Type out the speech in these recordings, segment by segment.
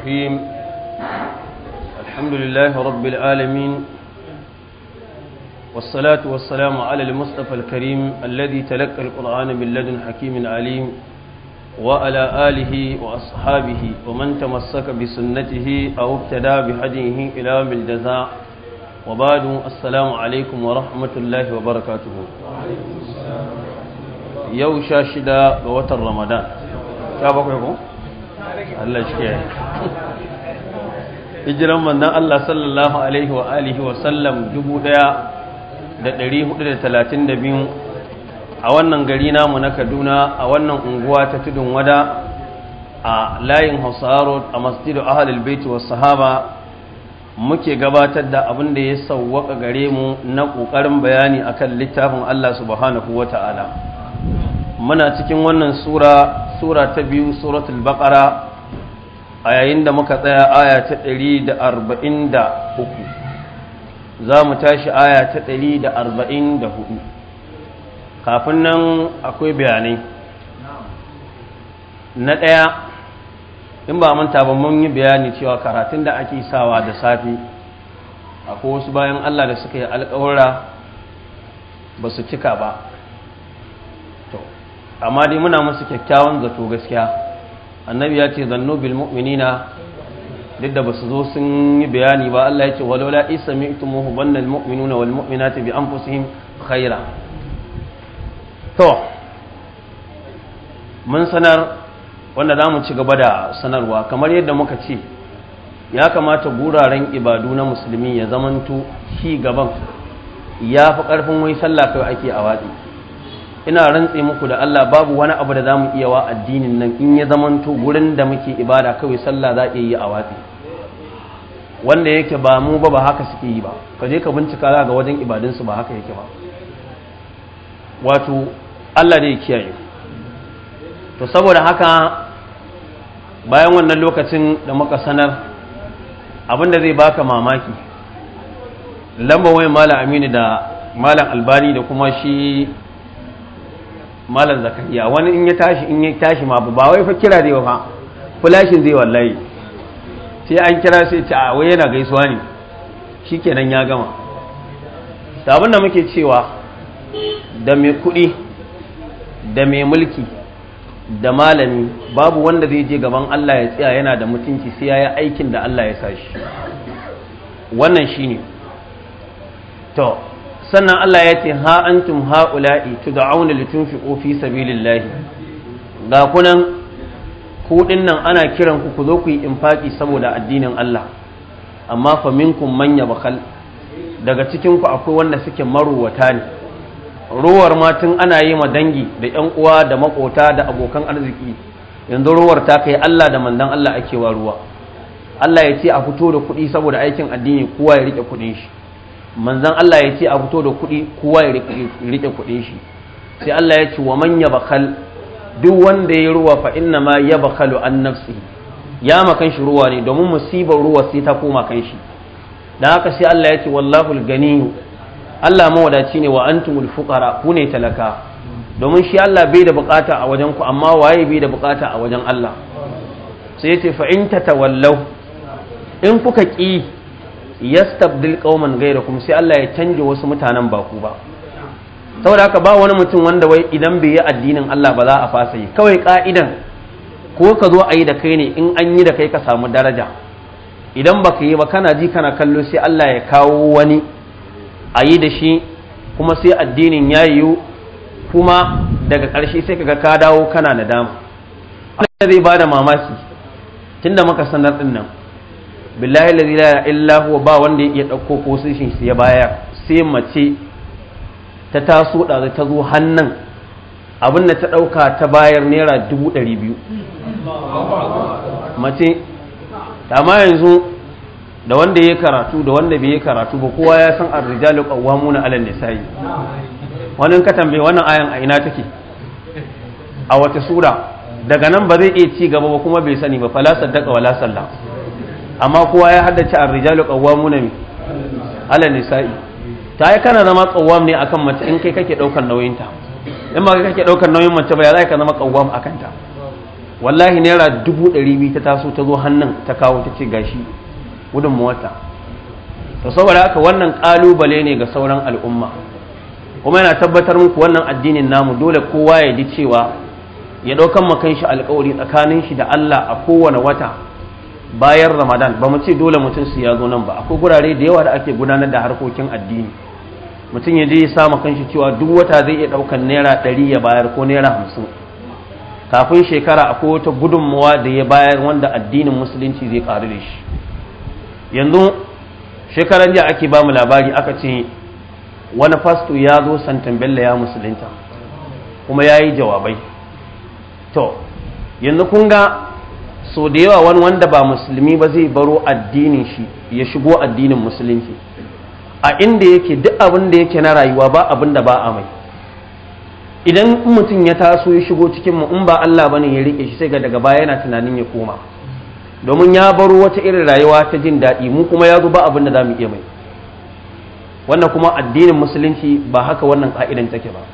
الرحيم الحمد لله رب العالمين والصلاة والسلام على المصطفى الكريم الذي تلقى القرآن من لدن حكيم عليم وعلى آله وأصحابه ومن تمسك بسنته أو ابتدى بهديه إلى بالجزاء وبعد السلام عليكم ورحمة الله وبركاته وعليكم السلام يوشا شدا بوتر رمضان يا بكر Allah shi ya hijiran manzon Allah sallallahu alaihi wa alihi wa sallam 1432 a wannan gari namu na Kaduna a wannan unguwa ta tudun wada a layin Hausaro a masjidu Ahlul Bait wa Sahaba muke gabatar da abin da ya sauwaka gare mu na kokarin bayani akan littafin Allah subhanahu wataala muna cikin wannan sura sura ta biyu suratul baqara a yayin da muka tsaya aya ta ɗari da arba'in da uku za mu tashi aya ta ɗari da arba'in da hudu kafin nan akwai bayanai na ɗaya in ba manta ba mun yi bayani cewa karatun da ake sawa da safe akwai wasu bayan allah da suka yi alƙawura ba su cika ba amma dai muna musu kyakkyawan zato gaskiya annabi ya ce zannu bil mu'minina duk da basu zo sun yi bayani ba Allah ya ce isa walaula muhu bannan mu'minuna wal mu'minati bi anfusihim khaira to mun sanar wanda za ci gaba da sanarwa kamar yadda muka ce ya kamata guraren ibadu na musulmi ya zamanto shi gaban ya fi ƙarfin wai sallah kai ake a watsi ina rantse muku da Allah babu wani abu da zamu iya wa addinin nan in ya zamanto gurin da muke ibada kawai sallah za a yi a watsi wanda yake ba mu ba ba haka suke yi ba ka je ka bincika za ga wajen su ba haka yake ba wato Allah da ya kiyaye to saboda haka bayan wannan lokacin da muka sanar abinda zai baka mamaki lamba wai malam aminu da malam albani da kuma shi malam zakariya wani in ya tashi in ya tashi ma ba wai fa kira zai fa Fulashin zai wallahi sai an kira sai a wai yana gaisuwa ne shikenan ya gama ta da muke cewa da mai kuɗi da mai mulki da malami babu wanda zai je gaban Allah ya tsaya yana da mutunci sai ya yi aikin da Allah ya sa shi wannan shine to sannan Allah ya ce ha antum haula'i tud'auna litunfiqu fi sabilillahi ga kunan kuɗin nan ana kiran ku ku zo ku yi infaki saboda addinin Allah amma fa minkum man yabkhal daga cikin ku akwai wanda suke maruwata ne ruwar ma ana yi ma dangi da ƴan uwa da makota da abokan arziki yanzu ruwar ta kai Allah da mandan Allah ake wa ruwa Allah ya ce a fito da kuɗi saboda aikin addini kowa ya rike kuɗin shi manzan Allah ya ce a fito da kuɗi kowa ya riƙe kuɗin shi sai Allah ya ce wa manya bakal duk wanda ya ruwa fa inna ma bakalu an nafsi ya makan shi ruwa ne domin musibar ruwa sai ta koma kan shi Da haka sai Allah ya ce wallahu Allah mawadaci ne wa antumul fuqara ku ne talaka domin shi Allah bai da bukata a wajen ku amma waye bai da bukata a wajen Allah sai yace fa in wallau. in kuka ƙi yastabdil qauman ghayrakum sai Allah ya canje wasu mutanen ba ku ba saboda haka ba wani mutum wanda wai idan bai yi addinin Allah ba za a fasa yi kawai ka'idan ko ka zo a yi da kai ne in an yi da kai ka samu daraja idan baka yi ba kana ji kana kallo sai Allah ya kawo wani a yi da shi kuma sai addinin ya yiwu kuma daga ƙarshe sai kaga ka dawo kana nadama Allah zai ba da mamaki tunda muka sanar din nan billahi la ilaha illa huwa ba wanda ya dauko ko sai ya baya sai mace ta taso da ta zo hannan abin da ta dauka ta bayar naira dubu ɗari biyu mace yanzu da wanda ya karatu da wanda bai yi karatu ba kowa ya san arrijalu qawwamuna 'alan nisa'i wani ka tambaye wannan ayan a ina take a wata sura daga nan ba zai iya ci gaba ba kuma bai sani ba fala saddaka wala sallah amma kowa ya haddace a rijalu qawwamuna min ala nisa'i ta yi kana zama qawwam ne akan mace in kai kake daukar nauyin ta in ba kai kake daukar nauyin mace ba ya za ka zama kawwam akan ta wallahi naira dubu ɗari biyu ta taso ta zo hannun ta kawo ta ce gashi gudun mota ta saboda haka wannan kalubale ne ga sauran al'umma kuma yana tabbatar muku wannan addinin namu dole kowa ya ji cewa ya ɗaukan makan shi alkawari tsakanin shi da Allah a kowane wata bayan ramadan ba mu ce dole mutum su ya zo nan ba akwai gurare da yawa da ake gudanar da harkokin addini mutum ya je ya samu kanshi cewa duk wata zai iya ɗaukan naira ɗari ya bayar ko naira hamsin kafin shekara akwai wata gudunmawa da ya bayar wanda addinin musulunci zai ƙaru da shi yanzu shekaran jiya ake ba mu labari aka ce wani fasto ya zo santan bello ya musulunta kuma ya yi jawabai to yanzu kun ga Sau da yawa wani wanda ba musulmi ba zai baro addinin shi ya shigo addinin musulunci a inda yake duk abin da yake na rayuwa ba abin da ba a mai idan mutum ya taso ya shigo cikin mu in ba Allah bane ya rike shi sai ga daga baya yana tunanin ya koma domin ya baro wata irin rayuwa ta jin daɗi mu kuma ya zo ba abin da za mu iya mai wannan kuma addinin musulunci ba haka wannan ka'idan take ba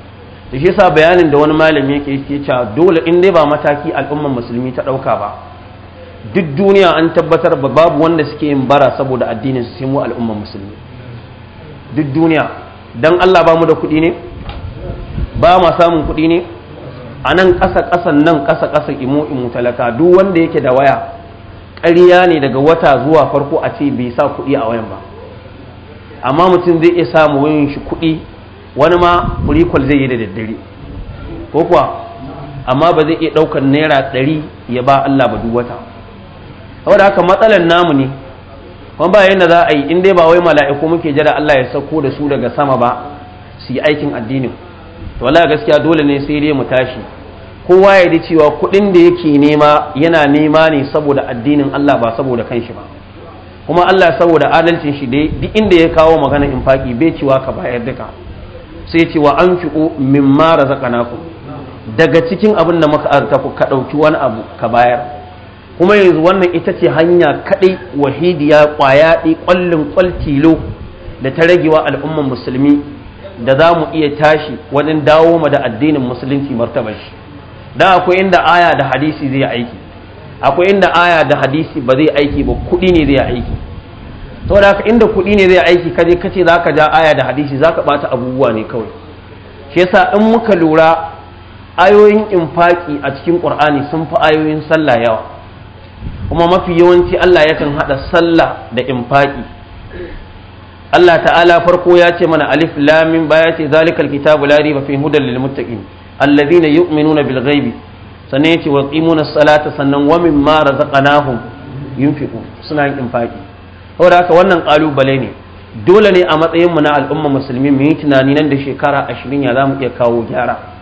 da shi yasa bayanin da wani malami yake yake cewa dole in dai ba mataki al'ummar musulmi ta ɗauka ba duk duniya an tabbatar ba babu wanda suke yin bara saboda addinin su sai mu al'ummar musulmi duk duniya Don Allah ba mu da kuɗi ne ba ma samun kuɗi ne a nan ƙasa ƙasan nan ƙasa ƙasa imo imo talaka duk wanda yake da waya ƙarya ne daga wata zuwa farko a ce bai sa kuɗi a wayan ba amma mutum zai iya samu wayan shi kuɗi wani ma recall zai yi da daddare ko kuwa amma ba zai iya ɗaukar naira ɗari ya ba Allah ba duk wata saboda haka matsalar namu ne kuma ba yadda za a yi in dai ba wai mala'iku muke jira Allah ya sauko da su daga sama ba su yi aikin addinin to wallahi gaskiya dole ne sai dai mu tashi kowa ya ji cewa kuɗin da yake nema yana nema ne saboda addinin Allah ba saboda kanshi ba kuma Allah saboda adalcin shi dai duk inda ya kawo magana infaki bai cewa ka bayar duka sai ce wa anfiqu mimma razaqnakum daga cikin abin da muka arta ku ka ɗauki wani abu ka bayar kuma yanzu wannan ita ce hanya kaɗai wahidiya ƙwayaɗi ƙwallin ƙwaltilo da ta ragewa al'umman musulmi da za mu iya tashi wajen dawo ma da addinin musulunci martabar shi da akwai inda aya da hadisi zai aiki akwai inda aya da hadisi ba zai aiki ba kuɗi ne zai aiki saboda haka inda kuɗi ne zai aiki kaje kace zaka ja aya da hadisi zaka bata abubuwa ne kawai shi yasa in muka lura ayoyin infaki a cikin qur'ani sun fi ayoyin sallah yawa kuma mafi yawanci Allah yakan haɗa sallah da infaki Allah ta'ala farko ya ce mana alif lamin baya ce zalikal kitabu la riba fi hudal lil muttaqin alladhina yu'minuna bil ghaibi sannan yace wa qimuna salata sannan wa mimma razaqnahum yunfiqun suna yin infaki saboda haka wannan kalubale ne dole ne a matsayin mu na al'umma musulmi mu yi tunani nan da shekara 20 ya zamu iya kawo gyara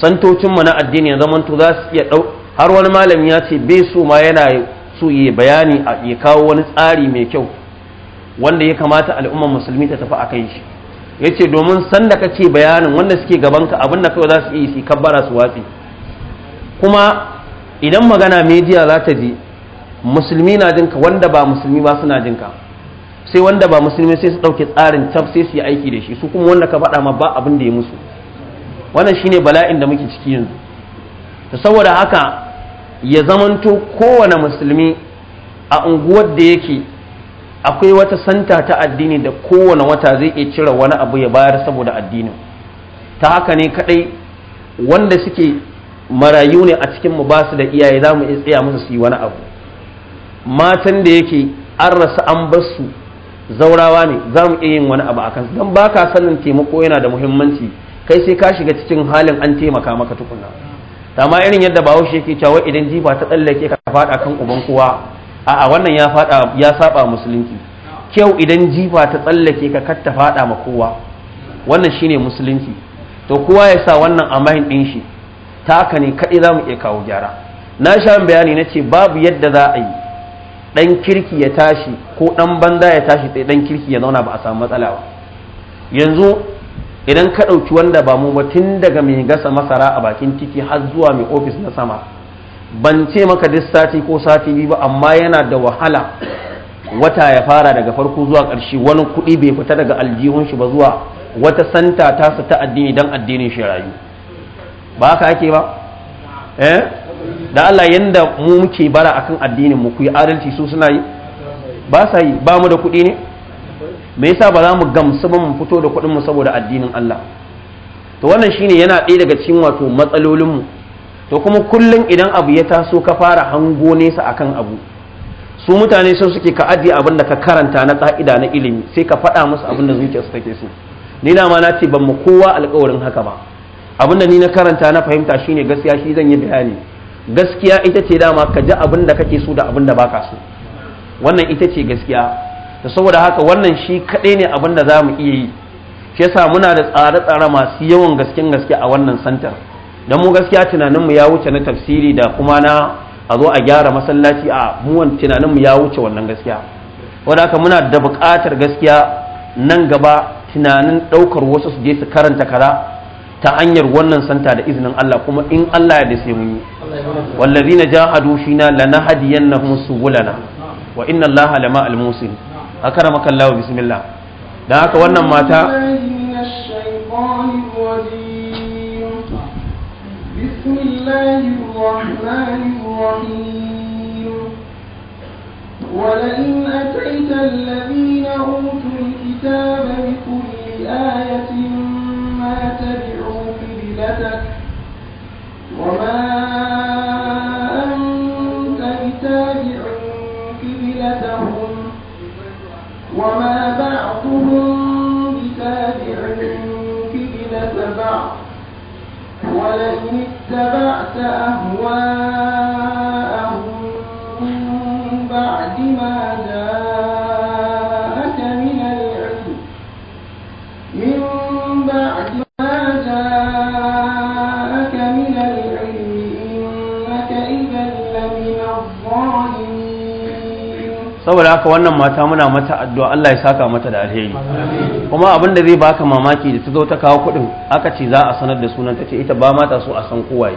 santocin mu na addini ya zamanto za su iya har wani malami ya ce bai so ma yana so ya bayani a ya kawo wani tsari mai kyau wanda ya kamata al'ummar musulmi ta tafi a kan shi ya ce domin sanda kake bayanin wanda suke gabanka abin da kawai za su iya su kabbara su watsi kuma idan magana media za ta ji musulmi na jinka wanda ba musulmi ba suna jinka sai wanda ba musulmi sai su ɗauke tsarin tab sai su yi aiki da shi su kuma wanda ka faɗa ma ba abin da ya musu wannan shine bala'in da muke ciki yanzu saboda haka ya zamanto kowane musulmi a unguwar da yake akwai wata santa ta addini da kowane wata zai iya cire wani abu ya bayar saboda addinin ta haka ne kadai wanda suke marayu ne a cikin mu ba su da iyaye za mu iya tsaya musu su yi wani abu matan da yake an rasa an bar su zaurawa ne za mu iya yin wani abu a kansu don ba ka sanin taimako yana da muhimmanci kai sai ka shiga cikin halin an taimaka maka tukuna amma irin yadda bahaushe yake cewa idan jifa ta tsallake ka faɗa kan uban kowa a'a wannan ya faɗa ya saba musulunci kyau idan jifa ta tsallake ka katta ta faɗa ma kowa wannan shine musulunci to kowa ya sa wannan amahin ɗin shi ta haka ne kaɗai za mu iya kawo gyara na sha bayani na ce babu yadda za a yi ɗan kirki ya tashi ko ɗan banza ya tashi sai ɗan kirki ya zauna ba a samu matsala ba yanzu idan ka ɗauki wanda ba mu ba tun daga mai gasa masara a bakin titi har zuwa mai ofis na sama ban ce maka duk sati ko sati biyu ba amma yana da wahala wata ya fara daga farko zuwa ƙarshe wani kuɗi bai fita daga aljihun shi ba zuwa wata santa ta su ta addini dan addinin shi rayu ba ka ake ba eh da Allah yanda mu muke bara akan addinin mu ku yi adalci su suna yi ba sa yi ba mu da kuɗi ne me yasa ba za mu gamsu ba mu fito da kuɗin saboda addinin Allah to wannan shine yana ɗaya daga cikin wato matsalolinmu. mu to kuma kullum idan abu ya taso ka fara hango nesa akan abu su mutane sun suke ka ajiye abin da ka karanta na ka'ida na ilimi sai ka faɗa musu abin da zuciyarsu take so ni na ma na ce ban mu kowa alƙawarin haka ba abin da ni na karanta na fahimta shine gaskiya shi zan yi bayani gaskiya ita ce dama ka ji abin da kake so da abin da baka so wannan ita ce gaskiya da saboda haka wannan shi kaɗai ne abin da za mu iya yi shi yasa muna da tsare-tsare masu yawan gasken gaske a wannan santar don mu gaskiya tunaninmu ya wuce na tafsiri da kuma na a zo a gyara masallaci a muwan tunaninmu ya wuce wannan gaskiya wadda haka muna da buƙatar gaskiya nan gaba tunanin ɗaukar wasu su je su karanta kara ta hanyar wannan santa da izinin Allah kuma in Allah ya da sai mun yi wallazina jahadu fina lanahadiyannahum subulana wa inna allaha lama al-musin أكرمك الله بسم الله دعك وانا ماتا بسم الله الرحمن الرحيم ولئن أتيت الذين أوتوا الكتاب بكل آية ما تبعوا قبلتك وما وما بعضهم بتابع كبلة بعض ولئن اتبعت أهواءهم بعد ما جاءوا saboda haka wannan mata muna mata addu'a Allah ya saka mata da alheri kuma abin da zai baka mamaki da ta zo ta kawo kuɗin aka ce za a sanar da sunan tace ita ba mata so a san kowaye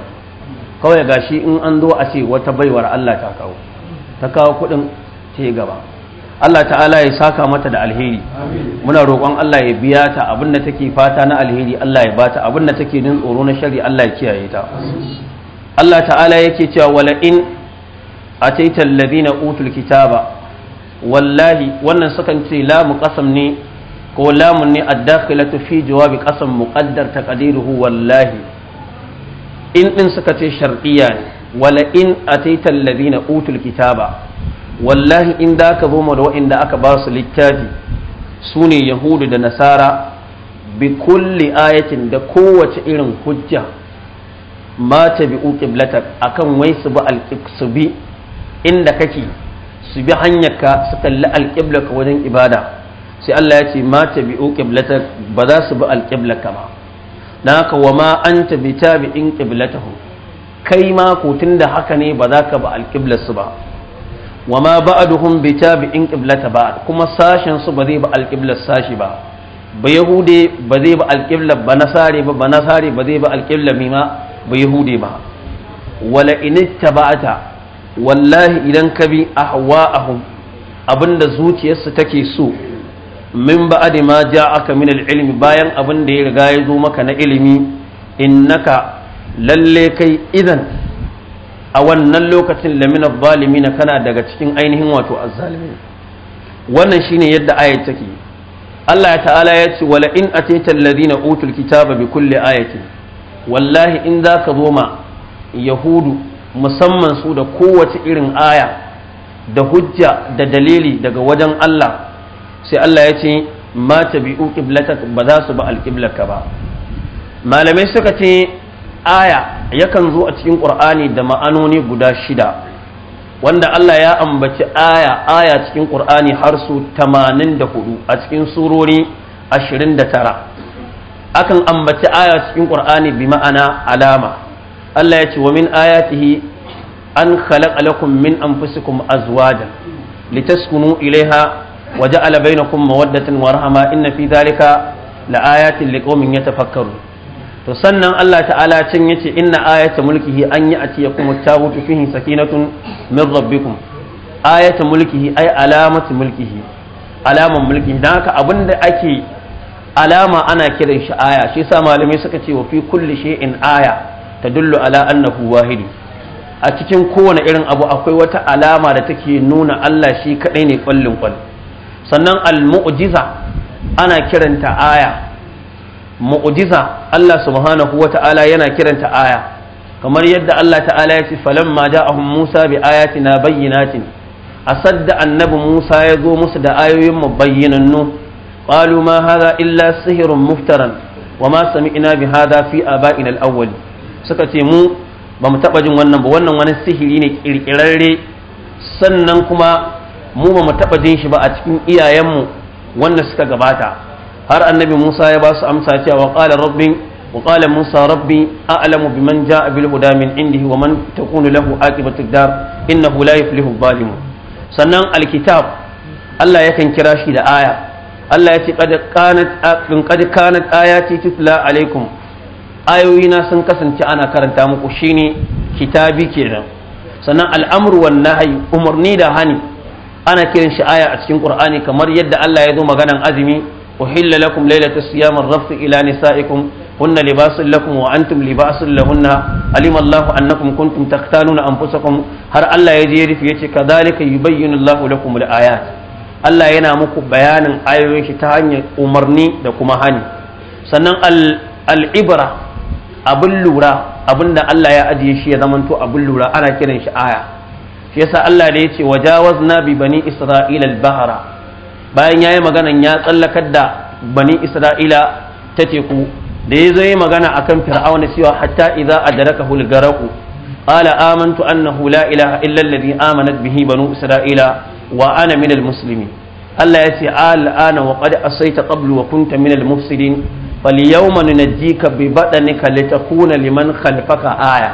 kawai gashi in an zo a ce wata baiwar Allah ta kawo ta kawo kuɗin ta gaba Allah ta'ala ya saka mata da alheri muna roƙon Allah ya biya ta abin da take fata na alheri Allah ya bata abin da take nin tsoro na shari Allah ya kiyaye ta Allah ta'ala yake cewa wala in ataita alladhina utul kitaba wallahi wannan sukan ce lamu kasam ne ko lamun ne addakhilatu fi jawabi qasam muqaddar taqdiruhu wallahi in din suka ce shar'iyya ne wala in ataita alladhina utul kitaba wallahi in da ka zo da wa'inda aka ba su littafi su ne yahudu da nasara bi kulli ayatin da kowace irin hujja ma ta bi uqiblatak akan wai su bi bi inda kake su bi hanyarka su kalli alƙiblaka wajen ibada sai Allah ya ce ma ta bi'u ba za su bi alƙiblaka ba dan haka wa ma ta bi ta bi tabi'in qiblatahu kai ma ko da haka ne ba za ka bi alƙiblar su ba wa ma ba'duhum bi ta bi tabi'in qiblata ba kuma sashen su ba zai bi alƙiblar sashi ba ba yahude ba zai bi alƙiblar ba nasare ba ba nasare ba zai bi alƙiblar mima ba yahude ba wala in ittaba'ata wallahi idan ka bi ahwa'ahum abinda zuciyarsu take so min ba'di ma aka min ilimi, bayan abin da ya riga ya zo maka na ilimi innaka lalle kai idan a wannan lokacin lamina na kana daga cikin ainihin wato azzalimi wannan shine yadda ayat take Allah ta'ala ya ce wala in atayta alladhina utul kitaba bi kulli ayatin wallahi in zaka zo ma yahudu musamman su da kowace irin aya da hujja da dalili daga wajen Allah sai Allah ya ce ma tabi'u qiblatak ba za su ba alƙiblaka ba malamai suka ce aya yakan zo a cikin ƙur'ani da ma'anoni guda shida wanda Allah ya ambaci aya aya cikin ƙur'ani har su hudu a cikin surori tara, akan ambaci aya cikin ƙur'ani bi ma'ana alama Allah ya ce wa min ayatihi an khalaqa lakum min anfusikum azwajan litaskunu ilaiha wa ja'ala bainakum mawaddatan wa rahma inna fi dhalika laayatin liqaumin yatafakkarun to sannan Allah ta'ala can yace inna ayata mulkihi an ya'tiyakum at-tabutu fihi sakinatun min rabbikum ayata mulkihi ay alamatu mulkihi alaman mulkihi dan haka abinda ake alama ana kiran shi aya shi sa malamai suka ce wa fi kulli shay'in aya tadullu ala annahu wahidu a cikin kowane irin abu akwai wata alama da take nuna Allah shi kadai ne kwallin kwal sannan al-mu'jiza ana kiranta aya mu'jiza Allah subhanahu wata'ala yana kiranta aya kamar yadda Allah ta'ala ya ce falamma ja'ahum Musa bi ayatina bayyinatin asadda annabi Musa ya zo musu da ayoyin mu bayyinannu qalu ma hadha illa sihrun muftaran wa ma sami'na bi hadha fi aba'ina awwalin suka ce mu ba mu taɓa jin wannan ba wannan wani sihiri ne ƙirƙirarre sannan kuma mu ba mu taɓa jin shi ba a cikin iyayenmu wanda suka gabata har annabi musa ya ba su amsa cewa qala rabbi wa qala musa rabbi a'lamu biman ja'a bil huda min indihi wa man takunu lahu aqibatu dar innahu la yuflihu zalimun sannan alkitab Allah yakan kira shi da aya Allah ya ce qad kanat kanat ayati tutla alaikum ayoyi na sun kasance ana karanta muku shine kitabi kenan sannan al'amru wan nahyi umarni da hani ana kiran shi aya a cikin qur'ani kamar yadda Allah ya zo maganan azumi uhilla lakum laylatus siyam ar-rafth ila nisaikum hunna libasun lakum wa antum libasun lahunna alima annakum kuntum taqtaluna anfusakum har Allah ya je ya rufe yace kadhalika yubayyinu Allah lakum al-ayat Allah yana muku bayanin ayoyin shi ta hanyar umarni da kuma hani sannan al-ibra abin lura abin da Allah ya ajiye shi ya zamanto abin lura ana kiran shi aya shi yasa Allah da ya ce wajawazna bi bani isra'ila al-bahra bayan yayi maganan ya tsallakar da bani isra'ila ta teku da ya zo yi magana akan fir'auna cewa hatta idza adrakahu al-garaku qala amantu annahu la ilaha illa alladhi amanat bihi banu isra'ila wa ana min al-muslimin Allah ya ce al'ana wa qad asaita qablu wa kunta min al-mufsidin ji ka bi badanika litakuna liman ka aya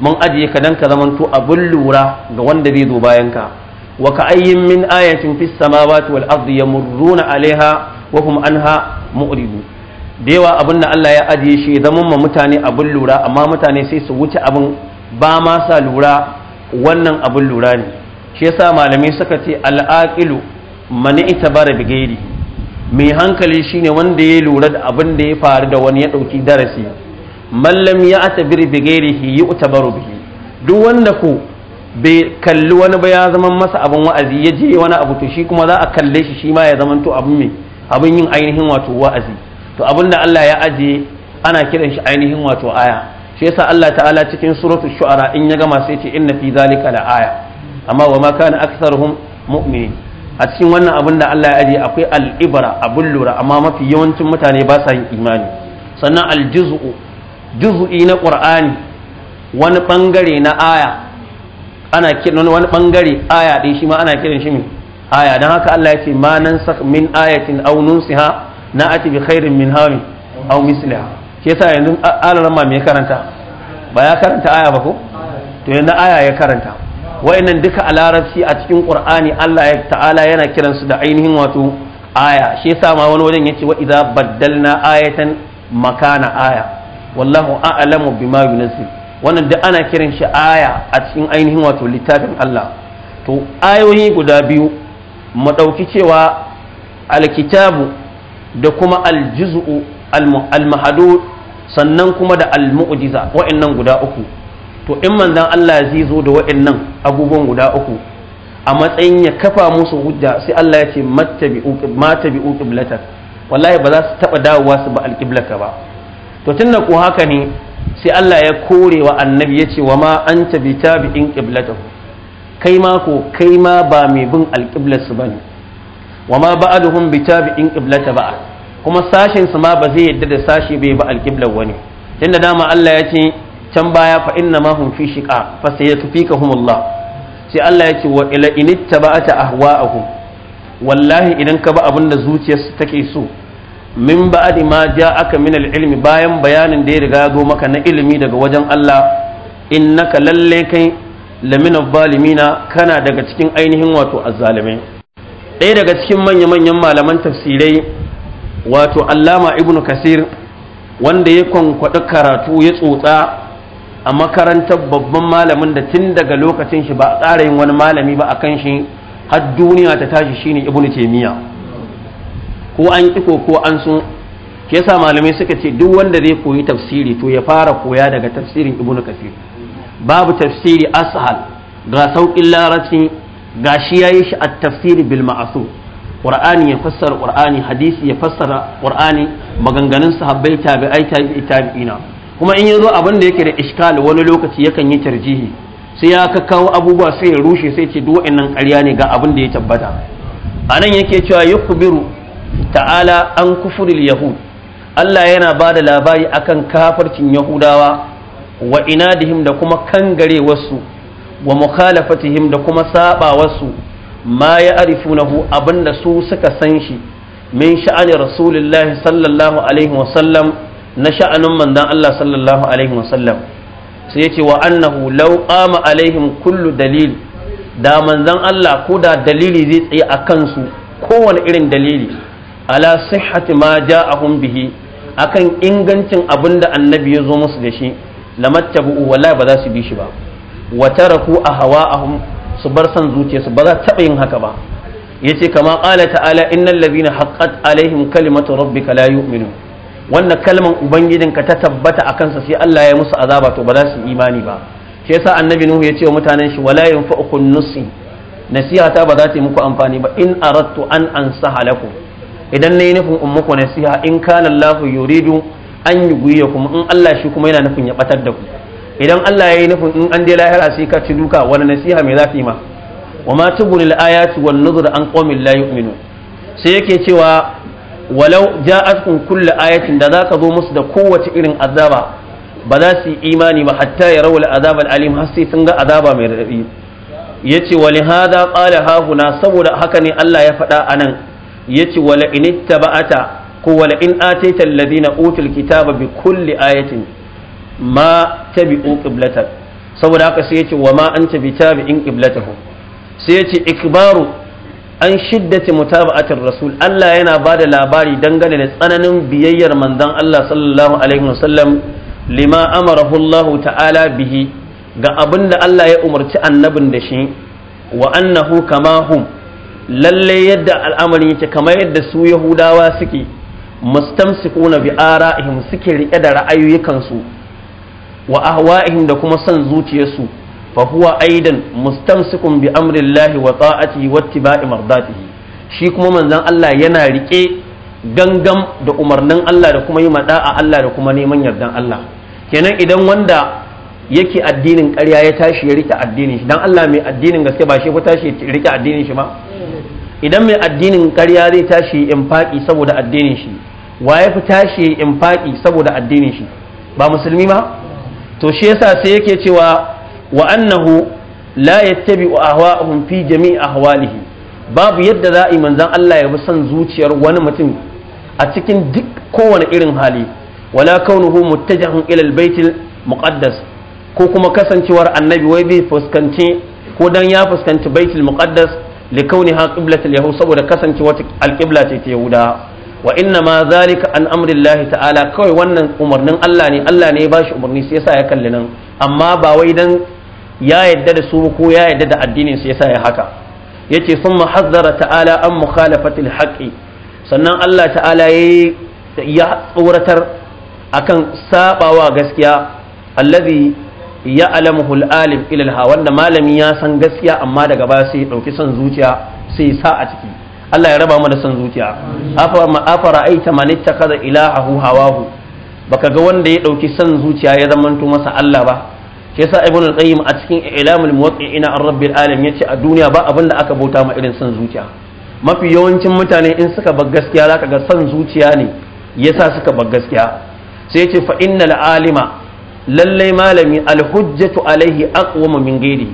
mun ajiye ka dan ka zamanto abin lura ga wanda zai zo bayan ka wa ka ayyin min ayatin fis samawati wal ardi yamurruna alaiha wa hum anha mu'ridu da yawa abin da Allah ya ajiye shi ya zama ma mutane abin lura amma mutane sai su wuce abin ba ma sa lura wannan abin lura ne shi yasa malamai suka ce al'aqilu mani itabara bi ghairihi mai hankali shine wanda ya lura da abin da ya faru da wani ya ɗauki darasi mallam ya atabir bi uta baro bihi duk wanda ku bai kalli wani ba ya zama masa abin wa'azi ya je wani abu to shi kuma za a kalle shi shi ma ya zama to abin mai abin yin ainihin wato wa'azi to abin da Allah ya aje ana kiran shi ainihin wato aya shi yasa Allah ta'ala cikin suratul shu'ara in ya gama sai ce inna fi zalika la aya amma wa ma kana aktharuhum mu'minin a cikin wannan abin da Allah ya aje akwai al'ibara abin lura amma mafi yawancin mutane ba sa yin imani sannan aljizu'u juzu'i na qur'ani wani bangare na aya ana kiran wani bangare aya din shi ma ana kiran shi aya dan haka Allah ya ce ma nan min ayatin aw nunsiha na ati bi khairin min hawi aw misliha ke sa yanzu alaran me ya karanta ba ya karanta aya ba ko to yanzu aya ya karanta wa'annan duka a larabci a cikin qur'ani Allah ta'ala yana kiransu da ainihin wato aya shi yasa ma wani wajen yace wa idza baddalna ayatan makana aya wallahu a'lamu bima yunzil wannan duk ana kiran shi aya a cikin ainihin wato littafin Allah to ayoyi guda biyu mu dauki cewa alkitabu da kuma aljuz'u al sannan kuma da al-mu'jiza wa'annan guda uku to in manzan Allah ya zo da waɗannan abubuwan guda uku a matsayin ya kafa musu hujja sai Allah ya ce mata bi'u qiblatak wallahi ba za su taba dawowa su ba alqiblaka ba to tunda ko haka ne sai Allah ya kore wa annabi ya ce wa ma anta bi tabi'in qiblata kai ma ko kai ma ba mai bin alqiblar su bane wa ma ba'aduhum bi tabi'in qiblata ba? kuma sashin su ma ba zai yadda da sashi bai ba alqiblar wani tunda dama Allah ya ce can baya fa inna ma hum fi shiqa fa sayatufikahum Allah sai Allah ya ce wa ila inittaba'ata ahwa'ahum wallahi idan ka ba abin da zuciyarsu take so min ba'di ma ja'aka min al-ilmi bayan bayanin da ya riga ya zo maka na ilimi daga wajen Allah innaka lalle kai lamina zalimina kana daga cikin ainihin wato azzalimai ɗaya daga cikin manya-manyan malaman tafsirai wato allama ibnu kasir wanda ya kwankwaɗi karatu ya tsotsa a makarantar babban malamin da tun daga lokacin shi ba a tsara yin wani malami ba a kan shi har duniya ta tashi shine ibn taymiya ko an kiko ko an sun ke sa malamai suka ce duk wanda zai koyi tafsiri to ya fara koya daga tafsirin ibn kafir babu tafsiri ashal ga sauƙin larabci ga shi yayi shi a tafsiri bil ma'asu qur'ani ya fassara qur'ani hadisi ya fassara Ƙur'ani maganganun sahabbai tabi'ai tabi'ina kuma in yazo abin da yake da iskal wani lokaci yakan yi tarjihi sai ya kakkawo abubuwa sai ya rushe sai ce duk nan ƙarya ne ga abin da ya tabbata anan yake cewa yukbiru ta'ala an kufuril yahud Allah yana ba da labari akan kafircin yahudawa wa inadihim da kuma wasu? wa mukhalafatihim da kuma wasu? ma ya arifunahu abinda su suka san shi min sha'ani rasulullahi sallallahu alaihi wasallam na sha'anin manzon Allah sallallahu alaihi wasallam sai yace wa annahu law qama alaihim kullu dalil da manzon Allah ko da dalili zai tsaye a kansu kowane irin dalili ala sihhati ma ja'ahum bihi akan ingancin abin da annabi ya zo musu da shi lamattabu wallahi ba za su bi shi ba wa taraku ahwa'ahum su bar san zuciyarsu ba za ta taɓa yin haka ba yace kama qala ta'ala innal ladhina haqqat alaihim kalimatu rabbika la yu'minun Wannan kalman ka ta tabbata a kansa sai Allah ya musu azaba to ba za su imani ba shi yasa annabi nuhu ya ce wa mutanen shi wala yanfa'ukum nusi nasiha ta ba za ta yi muku amfani ba in aradtu an ansaha lakum idan nayi nufin in nasiha in kana Allah yuridu an ku in Allah shi kuma yana nufin ya batar da ku idan Allah yayi nufin in an dai lahira sai ka ci duka wani nasiha me za ta yi ma wa ma tubul ayati wan nuzur an qaumin la yu'minu sai yake cewa walau ja'atkum kullu ayatin da zaka zo musu da kowace irin azaba ba za su yi imani ba hatta ya rawul azab alim har sai sun ga azaba mai radadi yace wa li hada qala ha saboda haka ne Allah ya faɗa anan yace wala in ittaba'ata ko wala in ataita alladhina utul kitaba bi kulli ayatin ma tabi'u qiblatak saboda haka sai yace wa ma anta bi tabi'in qiblatahum sai yace ikbaru an shiddace mutaba'atir rasul Allah yana ba da labari dangane da tsananin biyayyar manzon Allah sallallahu alaihi wasallam lima amarahu Allah ta'ala bihi ga abin da Allah ya umarci annabin da shi wa annahu kama hum lalle yadda al'amari yake kamar yadda su yahudawa suke mustamsikuna bi ara'ihim suke rike da ra'ayoyukansu wa ahwa'ihim da kuma son zuciyarsu fa huwa aidan mustamsikun bi amrillahi wa ta'atihi wa ittiba'i mardatihi shi kuma manzon Allah yana rike gangam da umarnin Allah da kuma yi mada'a Allah da kuma neman yardan Allah kenan idan wanda yake addinin ƙarya ya tashi ya rike addinin shi dan Allah mai addinin gaske ba shi ba tashi ya rike addinin shi ba idan mai addinin ƙarya zai tashi infaki saboda addinin shi wa ya fi tashi infaki saboda addinin shi ba musulmi ba to shi yasa sai yake cewa wa annahu la yattabi'u ahwa'ahum fi jami'i ahwalihi babu yadda za a yi manzan Allah ya bi son zuciyar wani mutum a cikin duk kowane irin hali wala kaunuhu muttajahun ila albaytil muqaddas ko kuma kasancewar annabi wai bai fuskanci ko dan ya fuskanci baitil muqaddas li kauniha qiblatul yahud saboda kasancewar alqibla ce ta yahuda wa inna ma zalika an amrillahi ta'ala kawai wannan umarnin Allah ne Allah ne ya bashi umarni sai yasa ya kalli nan amma ba wai dan ya yadda da su ko ya yadda da addinin su yasa ya haka yace sun hazzara ta'ala an mukhalafatil haqqi sannan Allah ta'ala ya tsoratar akan sabawa gaskiya allazi ya alamuhu al-alim ila al wanda malami ya san gaskiya amma daga baya sai dauki son zuciya sai sa a ciki Allah ya raba mu da san zuciya afa ma afara aita man ittakhadha ilahahu hawahu baka ga wanda ya dauki san zuciya ya zamanto masa Allah ba yasa ibn al-qayyim a cikin ilamul ina an rabbil alamin yace a duniya ba abin da aka bauta ma irin san zuciya mafi yawancin mutane in suka bar gaskiya zaka ga san zuciya ne yasa suka bar gaskiya sai yace fa innal alima lalle malami al-hujjatu alaihi aqwamu min ghairi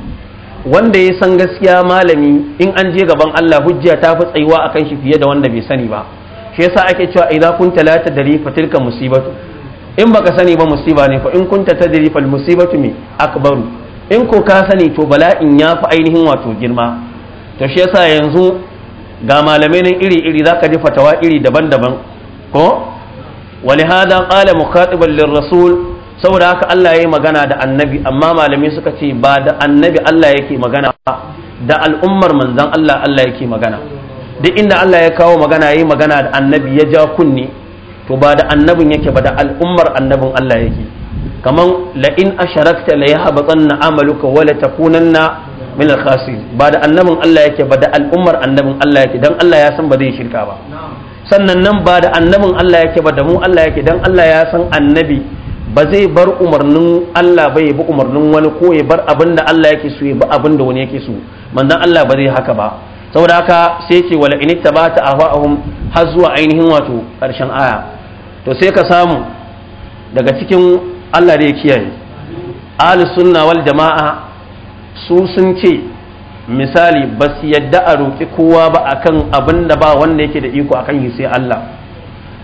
wanda ya san gaskiya malami in an je gaban Allah hujja ta fi tsayuwa akan shi fiye da wanda bai sani ba shi yasa ake cewa idza kunta la tadri fatilka musibatu in baka sani ba musiba ne fa in kunta tadri fal musibatu mi akbaru in ko ka sani to bala'in ya fi ainihin wato girma to shi yasa yanzu ga malamai nan iri iri zaka ji fatawa iri daban-daban ko walihada qala mukhatiban lirrasul saboda haka Allah yayi magana da annabi amma malamai suka ce ba da annabi Allah yake magana ba da al'ummar manzon Allah Allah yake magana duk inda Allah ya kawo magana yayi magana da annabi ya ja kunni to ba da annabin yake ba da al'ummar annabin Allah yake kaman la in asharakta la yahbatanna amaluka wa la takunanna min al ba da annabin Allah yake ba da al'ummar annabin Allah yake dan Allah ya san ba zai shirka ba sannan nan ba da annabin Allah yake ba da mu Allah yake dan Allah ya san annabi ba zai bar umarnin Allah bai ya bi umarnin wani ko ya bar abin da Allah yake so ya bi abin da wani yake so manzon Allah ba zai haka ba saboda haka sai ce wala in tabata ahwa'ahum har zuwa ainihin wato karshen aya to sai ka samu daga cikin Allah da ya kiyaye ahli sunna wal jama'a su sun ce misali ba su yadda a roƙi kowa ba akan abin da ba wanda yake da iko akan yi sai Allah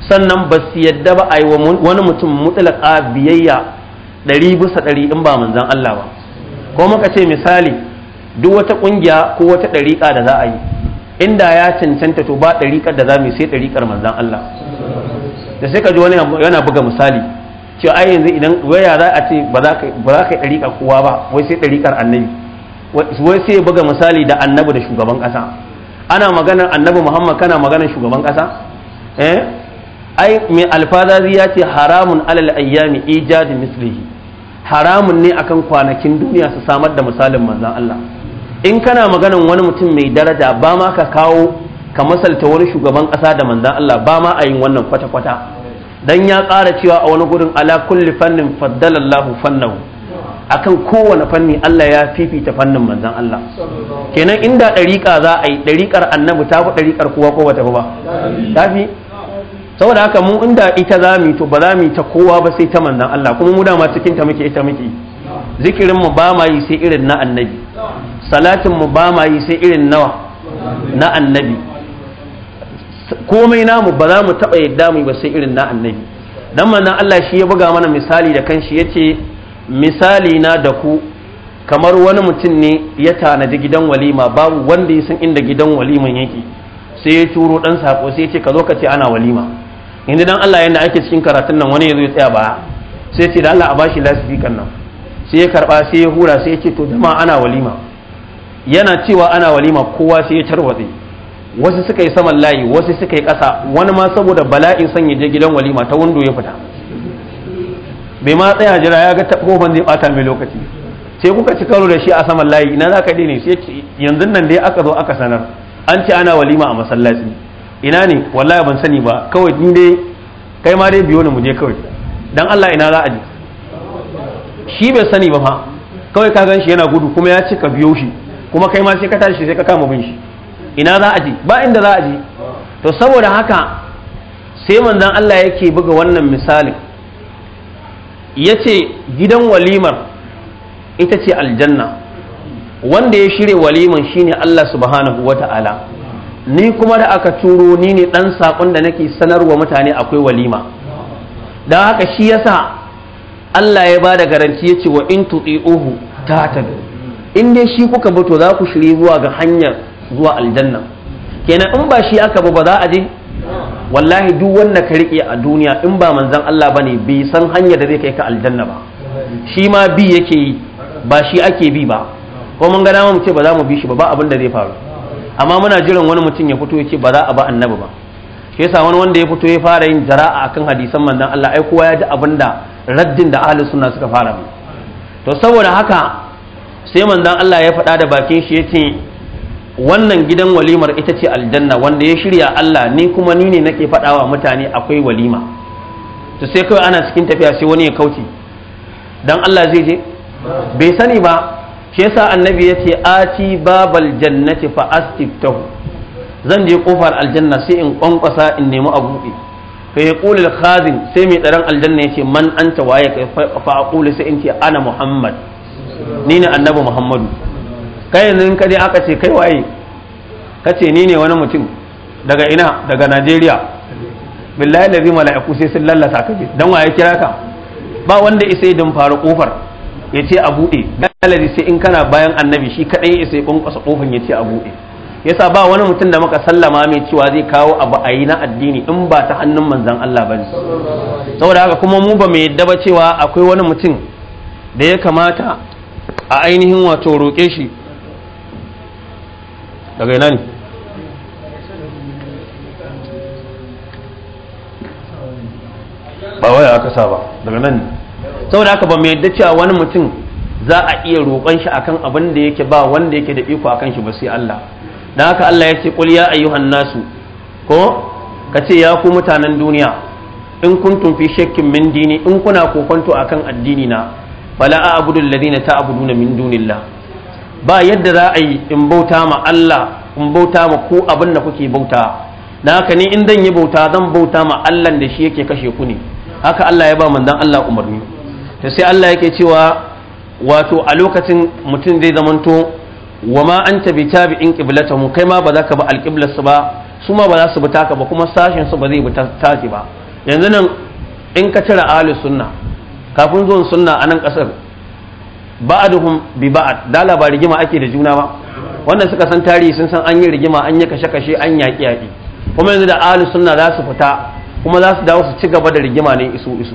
sannan ba su yadda ba a yi wani mutum mutlaka biyayya ɗari bisa ɗari in ba manzan Allah ba ko muka ce misali duk wata ƙungiya ko wata ɗariƙa da za a yi inda ya cancanta to ba ɗariƙar da za mu sai ɗariƙar manzan Allah da sai ka ji wani yana buga misali ce ai yanzu idan waya za a ce ba za ka yi ɗariƙar kowa ba wai sai ɗariƙar annabi wai sai ya buga misali da annabi da shugaban ƙasa ana maganar annabi muhammad kana maganar shugaban ƙasa eh ai mai alfazazi ya ce haramun alal ayyami ijadi mislihi haramun ne akan kwanakin duniya su samar da misalin manzon Allah in kana maganar wani mutum mai daraja ba ma ka kawo ka masalta wani shugaban ƙasa da manzan Allah ba ma a yin wannan kwata-kwata dan ya ƙara cewa a wani gurin ala kulli fannin faddalallahu fannahu akan kowane fanni Allah ya fifita fannin manzan Allah kenan inda ɗariƙa za a yi ɗariƙar annabi ta fi ɗariƙar kowa ko bata ba ta fi saboda haka mu inda ita za mu to ba za mu ta kowa ba sai ta manzan Allah kuma mu dama cikin ta muke ita muke zikirin mu ba ma yi sai irin na annabi salatin mu ba ma yi sai irin nawa na annabi komai namu ba za mu taɓa yadda mu ba sai irin na annabi dan manzon Allah shi ya buga mana misali da kanshi yace misali na da ku kamar wani mutum ne ya tanadi gidan walima babu wanda ya san inda gidan waliman yake sai ya turo dan sako sai ya ce ka zo ka ce ana walima inda dan Allah yanda ake cikin karatun nan wani ya zo ya tsaya ba sai ya ce da Allah a bashi lasifikan nan sai ya karba sai ya hura sai ya ce to jama'a ana walima yana cewa ana walima kowa sai ya tarwatse wasu suka yi saman layi wasu suka yi ƙasa wani ma saboda bala'in son ya je gidan walima ta wando ya fita bai ma tsaya jira ya ga kofan zai bata mai lokaci sai kuka ci karo da shi a saman layi ina za ka ne sai yanzu nan dai aka zo aka sanar an ce ana walima a masallaci ina ne wallahi ban sani ba kawai din dai kai ma dai biyo ni mu je kawai dan Allah ina za a je shi bai sani ba fa kawai ka gan shi yana gudu kuma ya ce ka biyo shi kuma kai ma sai ka tashi sai ka kama bin shi ina za a je ba inda za a je to saboda haka sai manzon Allah yake buga wannan misalin yace gidan walimar ita ce aljanna wanda ya shirya waliman shine Allah subhanahu wata'ala ni kuma da aka turo ni ne dan sakon da nake sanarwa mutane akwai walima dan haka shi yasa Allah ya ba da garanti ce wa in tuti'uhu ta in dai shi kuka bi to za ku shirye zuwa ga hanyar zuwa aljanna kenan in ba shi aka ba ba za a je wallahi duk wanda ka riƙe a duniya in ba manzan Allah bane bai san hanyar da zai kai ka aljanna ba shi ma bi yake yi ba shi ake bi ba ko mun ga mu ce ba za mu bi shi ba ba abin da zai faru amma muna jiran wani mutum ya fito ya ce ba za a ba annabi ba shi yasa wani wanda ya fito ya fara yin jara'a akan hadisan manzan Allah ai kowa ya ji abin da raddin da ahlus sunna suka fara to saboda haka sai manzan Allah ya faɗa da bakin shi yace wannan gidan walimar ita ce aljanna wanda ya shirya Allah ni kuma ni ne nake faɗawa mutane akwai walima to sai kawai ana cikin tafiya sai wani ya kauce dan Allah zai je bai sani ba shi yasa annabi ya ce ati babal jannati fa astiftahu zan je kofar aljanna sai in kwankwasa in nemi a buɗe fa yaqulu al-khazin sai mai tsaron aljanna yace man anta waye fa aqulu sai in ce ana muhammad ni ne annabi muhammadu kayan nan kaje aka ce kai waye kace ce ni ne wani mutum daga ina daga najeriya billahi lazi mala'iku sai sun lallasa ka dan waye kira ka ba wanda isa idan faru kofar ya ce a buɗe galibi sai in kana bayan annabi shi kaɗai isa ya ƙwanƙwasa kofar ya ce a buɗe yasa ba wani mutum da muka sallama mai cewa zai kawo abu a yi na addini in ba ta hannun manzan Allah ba saboda haka kuma mu ba mu yadda ba cewa akwai wani mutum da ya kamata a ainihin wato roƙe shi daga ina ne ba waya aka sa ba daga nan ne saboda haka ba mai yadda cewa wani mutum za a iya roƙon shi akan abin da yake ba wanda yake da iko akan shi ba sai Allah dan haka Allah ya ce qul ya ayyuhan nasu ko kace ya ku mutanen duniya in kuntum fi shakkin min dini in kuna kokonto akan addini na fala a'budu alladhina ta'buduna min dunillah ba yadda za a yi in bauta ma Allah in bauta ma ku abin da kuke bauta na haka ni in dan yi bauta zan bauta ma Allah da shi yake kashe ku ne haka Allah ya ba manzon Allah umarni to sai Allah yake cewa wato a lokacin mutum zai zamanto wa ma anta bi in mu kai ma ba za ka ba su ba su ma ba za su bi taka ba kuma sashen su ba zai bi taki ba yanzu nan in ka cire ahlus sunna kafin zuwan sunna a nan kasar ba'aduhum bi ba'ad da ba rigima ake da juna ba wannan suka san tarihi sun san an yi rigima an yi kashe kashe an yaƙi yaƙi kuma yanzu da ahlus sunna za su fita kuma za su dawo su ci gaba da rigima ne isu isu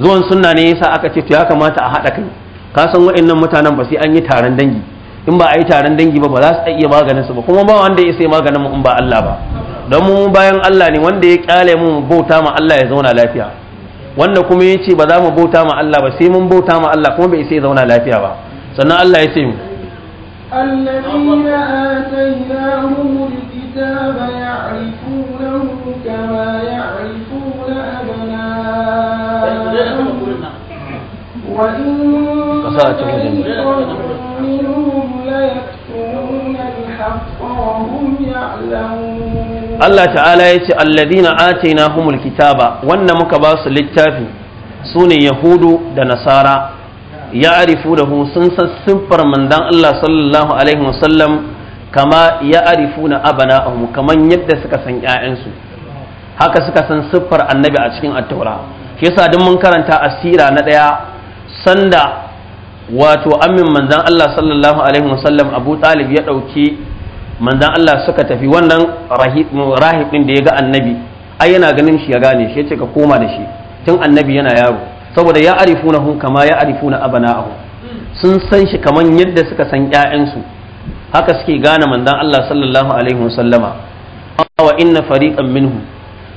zuwan sunna ne yasa aka ce to ya kamata a haɗa kai ka san wa'annan mutanen ba sai an yi taron dangi in ba a yi taron dangi ba ba za su iya maganin su ba kuma ba wanda ya sai maganin mu in ba Allah ba don mu bayan Allah ne wanda ya kyale mu bauta ma Allah ya zauna lafiya wanda kuma ya ce ba za mu bauta ma Allah ba sai mun bauta ma Allah kuma bai sai zauna lafiya ba sannan Allah ya ce mu الذين آتيناهم الكتاب يعرفونه كما يعرفون أبناءهم وإن منهم ليكفرون Allah ta'ala ya ce allazina atina humul kitaba wannan muka ba su littafi su ne yahudu da nasara ya arifu da hu sun san siffar mandan Allah sallallahu alaihi wasallam kama ya arifu na abana kaman yadda suka san su haka suka san siffar annabi a cikin attaura shi yasa duk mun karanta asira na daya sanda wato amin manzon Allah sallallahu alaihi wasallam Abu Talib ya dauki manzan Allah suka tafi wannan rahib ɗin da ya ga annabi ai yana ganin shi ya gane shi yace ka koma da shi tun annabi yana yaro saboda ya arifuna hun kama ya arifuna abana'ahu sun san shi kaman yadda suka san ƴaƴansu haka suke gane manzan Allah sallallahu alaihi wasallama wa inna fariqan minhum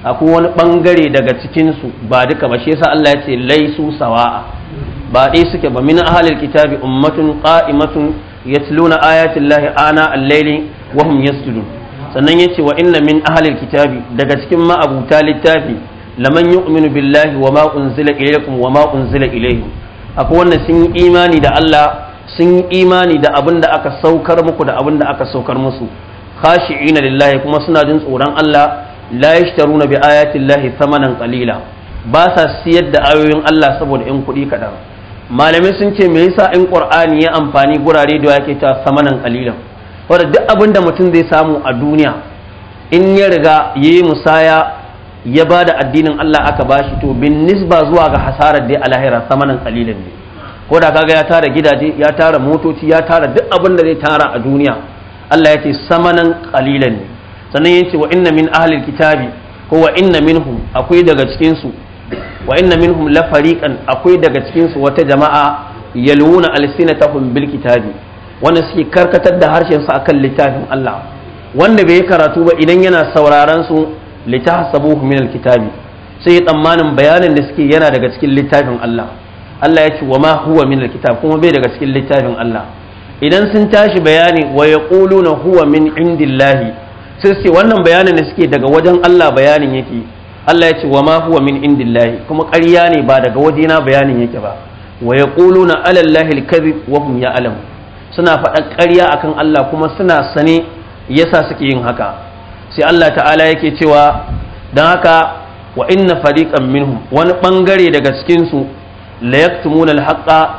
akwai wani bangare daga cikin su ba duka ba shi yasa Allah ya ce laisu sawa'a ba dai suke ba min ahlil kitabi ummatun qa'imatun yatluna ayati llahi ana al wa hum yasjudun sannan yace wa inna min ahlil kitabi daga cikin ma'abuta littafi laman yu'minu billahi wa ma unzila ilaykum wa ma unzila ilayhi akwai wanda sun yi imani da Allah sun yi imani da abin da aka saukar muku da abin da aka saukar musu khashi'ina lillahi kuma suna jin tsoron Allah la yashtaruna bi ayati llahi thamanan qalila ba sa siyar da ayoyin Allah saboda in kuɗi kaɗan malamai sun ce me yasa in qur'ani ya amfani gurare da yake ta samanan qalilan wadda duk abin da mutum zai samu a duniya in ya riga ya yi musaya ya ba da addinin Allah aka ba shi to bin nisba zuwa ga hasarar da a lahira samanin kalilin ne ko da kaga ya tara gidaje ya tara motoci ya tara duk abin da zai tara a duniya Allah ya ce samanin kalilin ne sannan ya ce wa inna min ahlil kitabi ko wa inna minhum akwai daga cikin su wa inna minhum la fariqan akwai daga cikinsu wata jama'a yalwuna alsinatahum bil kitabi wanda suke karkatar da harshen su akan littafin Allah wanda bai karatu ba idan yana sauraron su litahsabuhu min alkitabi sai ya tsammanin bayanin da suke yana daga cikin littafin Allah Allah ya ce wa ma huwa min alkitab kuma bai daga cikin littafin Allah idan sun tashi bayani wa yaquluna huwa min indillahi sai su wannan bayanin da suke daga wajen Allah bayanin yake Allah ya ce wa ma huwa min indillahi kuma ƙarya ne ba daga wajena bayanin yake ba wa yaquluna alallahi alkazib wa hum ya'lamun suna faɗa ƙarya kan Allah kuma suna sane yasa suke yin haka sai Allah ta'ala yake cewa don haka wa inna fariƙan minhum wani ɓangare daga cikin su la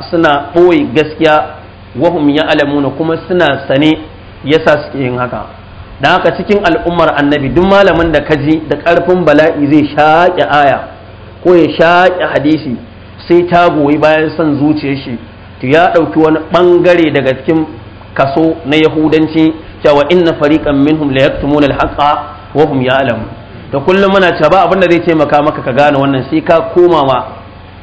suna ɓoye gaskiya wahum alamuna kuma suna sane yasa suke yin haka dan haka cikin al'ummar annabi duk malamin da kaji da ƙarfin bala'i zai shaƙe aya ko ya shaƙe hadisi sai ta goyi bayan son zuciyar shi to ya ɗauki wani ɓangare daga cikin kaso na yahudanci cewa inna fariqan minhum la yaktumuna al-haqqa wa hum ya'lamu to kullum muna cewa ba abin da zai taimaka maka ka gane wannan sai ka komawa ma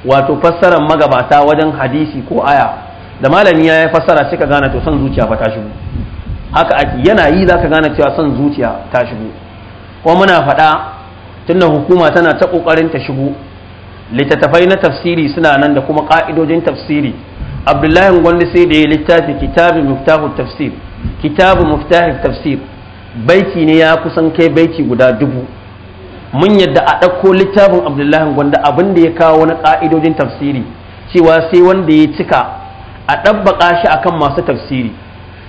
wato fassarar magabata wajen hadisi ko aya da malami ya yi fassara sai ka gane to son zuciya fa ta shigo haka ake yana yi za ka gane cewa son zuciya ta shigo kuma muna faɗa tunda hukuma tana ta ƙoƙarin ta shigo littattafai na tafsiri suna nan da kuma ƙa'idojin tafsiri abdullahi gwanda sai da ya littafi kitabu muftahu tafsir kitabu muftahu tafsir baiti ne ya kusan kai baiti guda dubu mun yadda a ɗauko littafin abdullahi gwanda abin da ya kawo na ƙa'idojin tafsiri cewa sai wanda ya cika a ɗabbaƙa shi akan masu tafsiri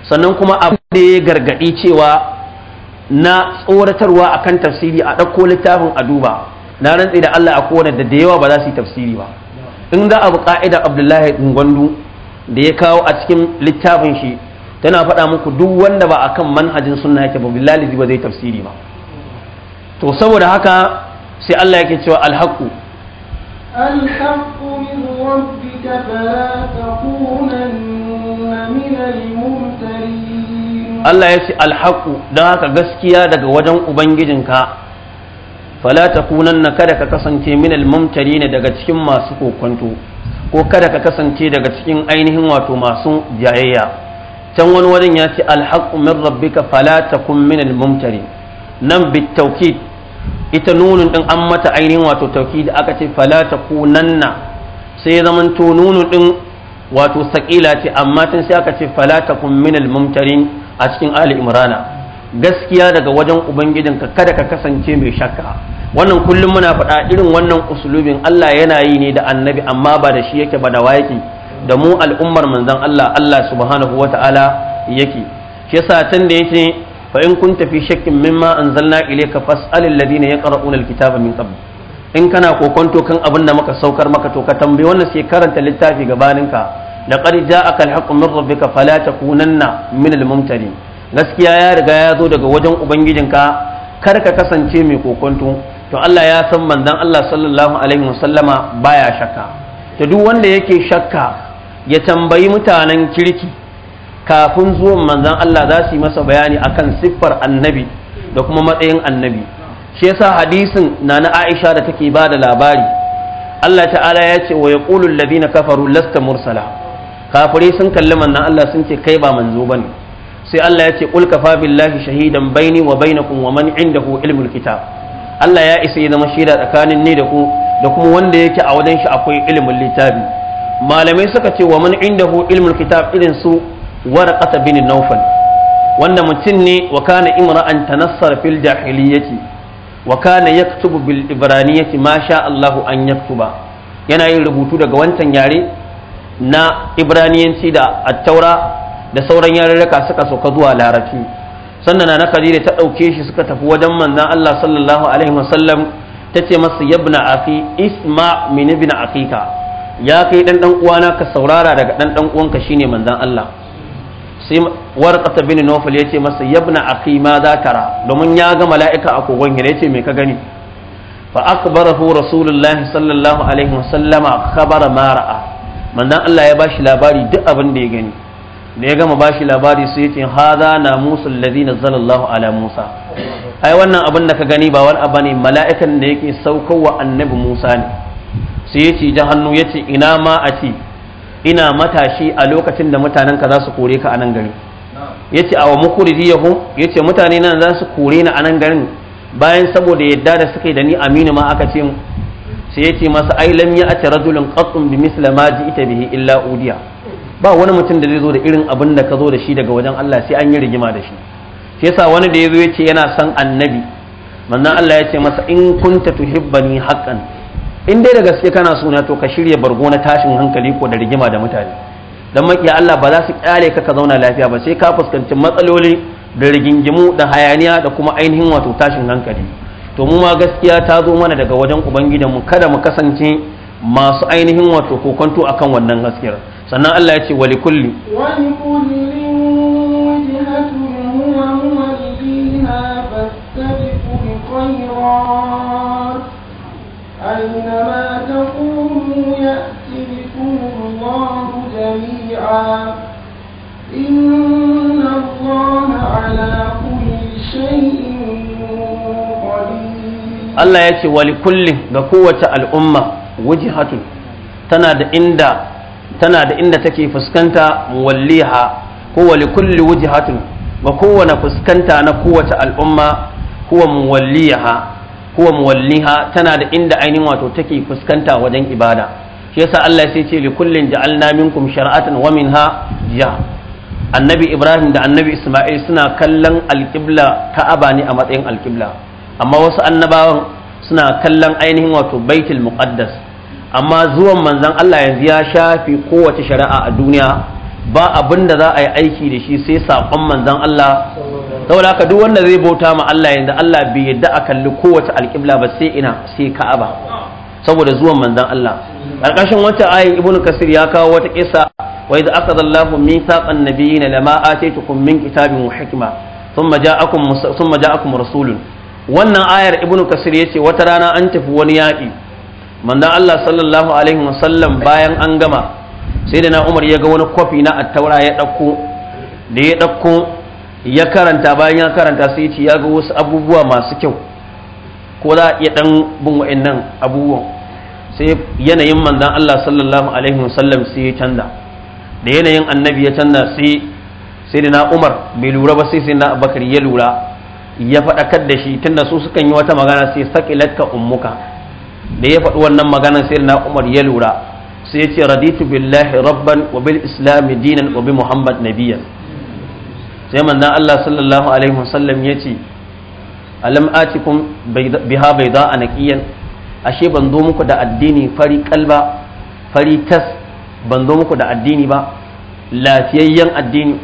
sannan kuma abin da ya gargaɗi cewa na tsoratarwa akan tafsiri a ɗauko littafin a duba na rantse da Allah a kowane da da yawa ba za su yi tafsiri ba in za a bi ƙa'idar abdullahi gwandu da ya kawo a cikin littafin shi tana faɗa muku duk wanda ba a kan manhajin sunna yake ba billahi ba zai tafsiri ba to saboda haka sai Allah yake cewa alhaqu alhaqu min rabbika fala takunanna min almumtarin Allah ya alhaqu dan haka gaskiya daga wajen ubangijinka fala takunanna kada ka kasance min almumtarin daga cikin masu kokonto ko kada ka kasance daga cikin ainihin wato masu jayayya can wani wajen ya ce alhaƙu min rabbika fala takun min al-mumtari nan bitawkid ita nunun din an mata ainihin wato tawkid aka ce fala takunanna sai ya zama to nunun din wato saƙila ce amma tun sai aka ce fala takun min al a cikin ali imrana gaskiya daga wajen ubangijinka kada ka kasance mai shakka wannan kullum muna faɗa irin wannan usulubin Allah yana yi ne da annabi amma ba da shi yake ba da wayaki da mu al'ummar manzon Allah Allah subhanahu wata'ala yake shi yasa tun da yake fa in kunta fi shakkin mimma anzalna ilayka fas'alil ladina yaqra'una alkitaba min qabl in kana kokonto kan abin da muka saukar maka to ka tambayi wannan sai karanta littafi gabaninka laqad ja'aka alhaqqu min rabbika fala takunanna min almumtarin gaskiya ya riga ya zo daga wajen ubangijinka kar ka kasance mai kokonto to Allah ya san manzon Allah sallallahu alaihi wasallama baya shakka to duk wanda yake shakka ya tambayi mutanen kirki kafin zuwan manzon Allah za su yi masa bayani akan siffar annabi da kuma matsayin annabi shi yasa hadisin na na Aisha da take ba da labari Allah ta'ala ya ce wa yaqulu alladhina kafaru lasta mursala kafirai sun kalli manzon Allah sun ce kai ba manzo bane sai Allah ya ce qul kafa billahi shahidan baini wa bainakum wa man indahu ilmul kitab Allah ya isa ya zama shaida tsakanin ni da ku da kuma wanda yake a wajen shi akwai ilimin littafi malamai suka ce wa man indahu ilmul kitab irin su warqata bin nawfal wanda mutum ne wa kana imra'an tanassar fil jahiliyyati wa kana yaktubu bil ibraniyyati ma sha Allah an yaktuba yana yin rubutu daga wancan yare na ibraniyanci da attaura da sauran yarurruka suka soka zuwa larabci sannan na Kadira ta ɗauke shi suka tafi wajen manzon Allah sallallahu alaihi wasallam ta ce masa yabna afi isma min ibn akika ya kai dan dan uwana ka saurara daga dan dan uwanka shine manzon Allah sai warqata bin nawfal ya ce masa yabna akhi ma za tara domin ya ga mala'ika a kogon ya ce me ka gani fa akbarahu rasulullahi sallallahu alaihi wasallama khabara ma ra'a manzon Allah ya bashi labari duk abin da ya gani da ya gama shi labari su ya ce haza na musul ladhi nazzalallahu ala musa ai wannan abin da ka gani ba wani abu ne mala'ikan da yake saukowa annabi musa ne su ya ce hannu ya ce ina ma a ce ina matashi a lokacin da mutanen ka za su kore ka a nan gari ya ce a wa awa mukuridiyahu ya ce mutane nan za su kore ni a nan garin bayan saboda yadda da suka yi da ni aminu ma aka ce mu sai ya ce masa ai lam ya ati rajulun qatun bi misla ma ji ita bihi illa udiya ba wani mutum da zai zo da irin abin da ka zo da shi daga wajen Allah sai an yi rigima da shi shi yasa wani da ya zo ya ce yana son annabi manzon Allah ya ce masa in kunta tuhibbani haqqan in dai da gaske kana suna to ka shirya bargo na tashin hankali ko da rigima da mutane dan makiya Allah ba za su kyale ka ka zauna lafiya ba sai ka fuskanci matsaloli da rigingimu da hayaniya da kuma ainihin wato tashin hankali to mu ma gaskiya ta zo mana daga wajen mu kada mu kasance masu ainihin wato kokonto akan wannan gaskiyar sannan Allah ya ce wali kulli Allah ya ce wali kullum ga kowace al’umma wujihatun tana da inda tana da inda take fuskanta muwalliha huwa li kulli wujhatin Ba kowane fuskanta na kowace al'umma huwa muwalliha huwa muwalliha tana da inda ainihin wato take fuskanta wajen ibada shi yasa Allah ya ce li kullin ja'alna minkum shar'atan wa minha ja annabi Ibrahim da annabi Isma'il suna kallon alqibla Ka'aba ne a matsayin alqibla amma wasu annabawan suna kallon ainihin wato Baitul Muqaddas amma zuwan manzon Allah yanzu ya shafi kowace shari'a a duniya ba abin da za a yi aiki da shi sai saƙon manzan Allah saboda haka duk wanda zai bauta ma Allah yanzu Allah bai yadda a kalli kowace alƙibla ba sai ina sai Ka'aba saboda zuwan manzon Allah ƙarƙashin wata ayin ibnu kasir ya kawo wata kisa wa idza akhadha Allahu mithaqan nabiyina lama ataytukum min kitabin wa hikma thumma ja'akum thumma rasulun wannan ayar ibnu kasir yace wata rana an tafi wani yaƙi manzan Allah sallallahu alaihi wasallam bayan an gama sai da na Umar ya ga wani kwafi na attaura ya ɗauko da ya ɗauko ya karanta bayan ya karanta sai ya ce ya ga wasu abubuwa masu kyau ko za a iya ɗan bin wa'annan abubuwan sai yanayin manzan Allah sallallahu alaihi wasallam sai ya canza da yanayin annabi ya canza sai sai da na umar bai lura ba sai sai na abakar ya lura ya faɗakar da shi tunda su sukan yi wata magana sai saƙilatka ummuka da ya faɗi wannan maganar sai na umar ya lura sai ya ce raditu billahi rabban wa bil islami dinan wa bi muhammad nabiya sai manzon Allah sallallahu alaihi wasallam ya ce alam atikum biha bayda anaqiyan ashe ban zo muku da addini fari kalba fari tas ban zo muku da addini ba lafiyayyen addini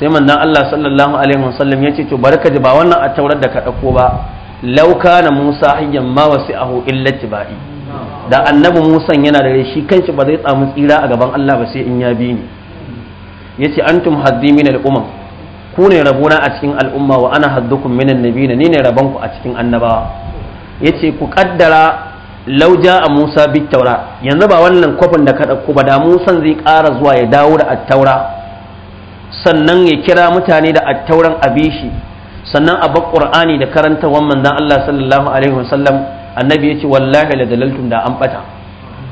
sai manzon Allah sallallahu alaihi wasallam ya ce to barka ji ba wannan a taurar da ka ɗauko ba lauka na musa hanyar ma wasu ahu illati ba'i da annabi Musa yana da shi kanshi ba zai tsamu tsira a gaban allah ba sai in ya bi ni ya ce an tum haddi min al'umma ku ne rabona a cikin al'umma wa ana haddukun min annabi ni ne ku a cikin annabawa ya ce ku kaddara lauja a musa bi taura yanzu ba wannan kwafin da ka ku ba da Musa zai ƙara zuwa ya dawo da attaura sannan ya kira mutane da attauran abishi sannan a bar qur'ani da karantawan manzon Allah sallallahu alaihi wasallam annabi yace wallahi la dalaltum da an bata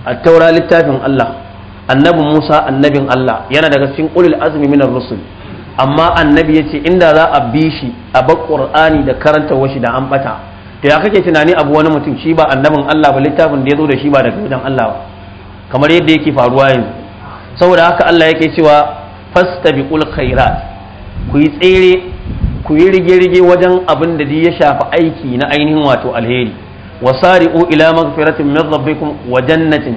at-taura littafin Allah annabi Musa annabin Allah yana daga cikin ulul azmi minar rusul amma annabi yace inda za a bi shi a bar qur'ani da karantawan shi da an bata to ya kake tunani abu wani mutum shi ba annabin Allah ba littafin da ya zo da shi ba daga wajen Allah ba kamar yadda yake faruwa yanzu saboda haka Allah yake cewa fastabiqul khairat ku yi tsere ku yi rige-rige wajen abin da ya shafi aiki na ainihin wato alheri wa sari'u ila magfiratin min rabbikum wa jannatin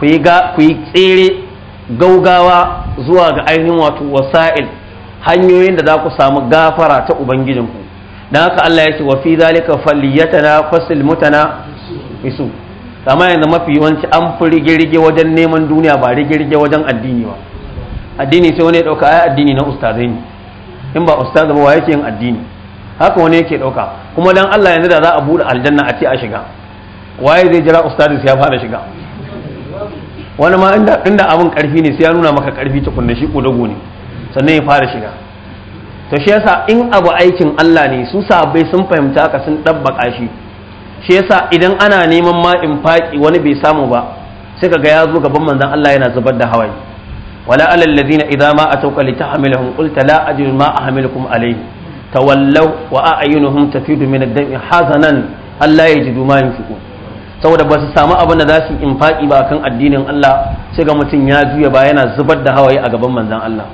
ku yi ku yi tsere gaugawa zuwa ga ainihin wato wasa'il hanyoyin da za ku samu gafara ta ubangijinku dan haka Allah ya ce wa fi zalika falyatana fasil mutana isu amma yanzu mafi yawanci an fi rige-rige wajen neman duniya ba rige-rige wajen addini ba addini sai wani ya dauka ai addini na ustazai ne in ba ustaz ba wa yake yin addini haka wani yake dauka kuma dan Allah yanzu da za a bude aljanna a ce a shiga waye zai jira ustaz ya fara shiga wani ma inda inda abin karfi ne sai ya nuna maka karfi tukunna shi kodago ne sannan ya fara shiga to shi yasa in abu aikin Allah ne su sabai sun fahimta ka sun dabbaka shi shi yasa idan ana neman ma in faƙi wani bai samu ba sai ka ga ya zo gaban manzon Allah yana zubar da hawaye wala alal ladina idza ma atawka litahmiluhum qulta la ajidu ma ahmilukum alayhi tawallaw wa a'yunuhum tafidu min ad-dam'i hazanan alla yajidu ma saboda ba su samu abin da za su infaki ba kan addinin Allah sai ga mutum ya juya ba yana zubar da hawaye a gaban manzon Allah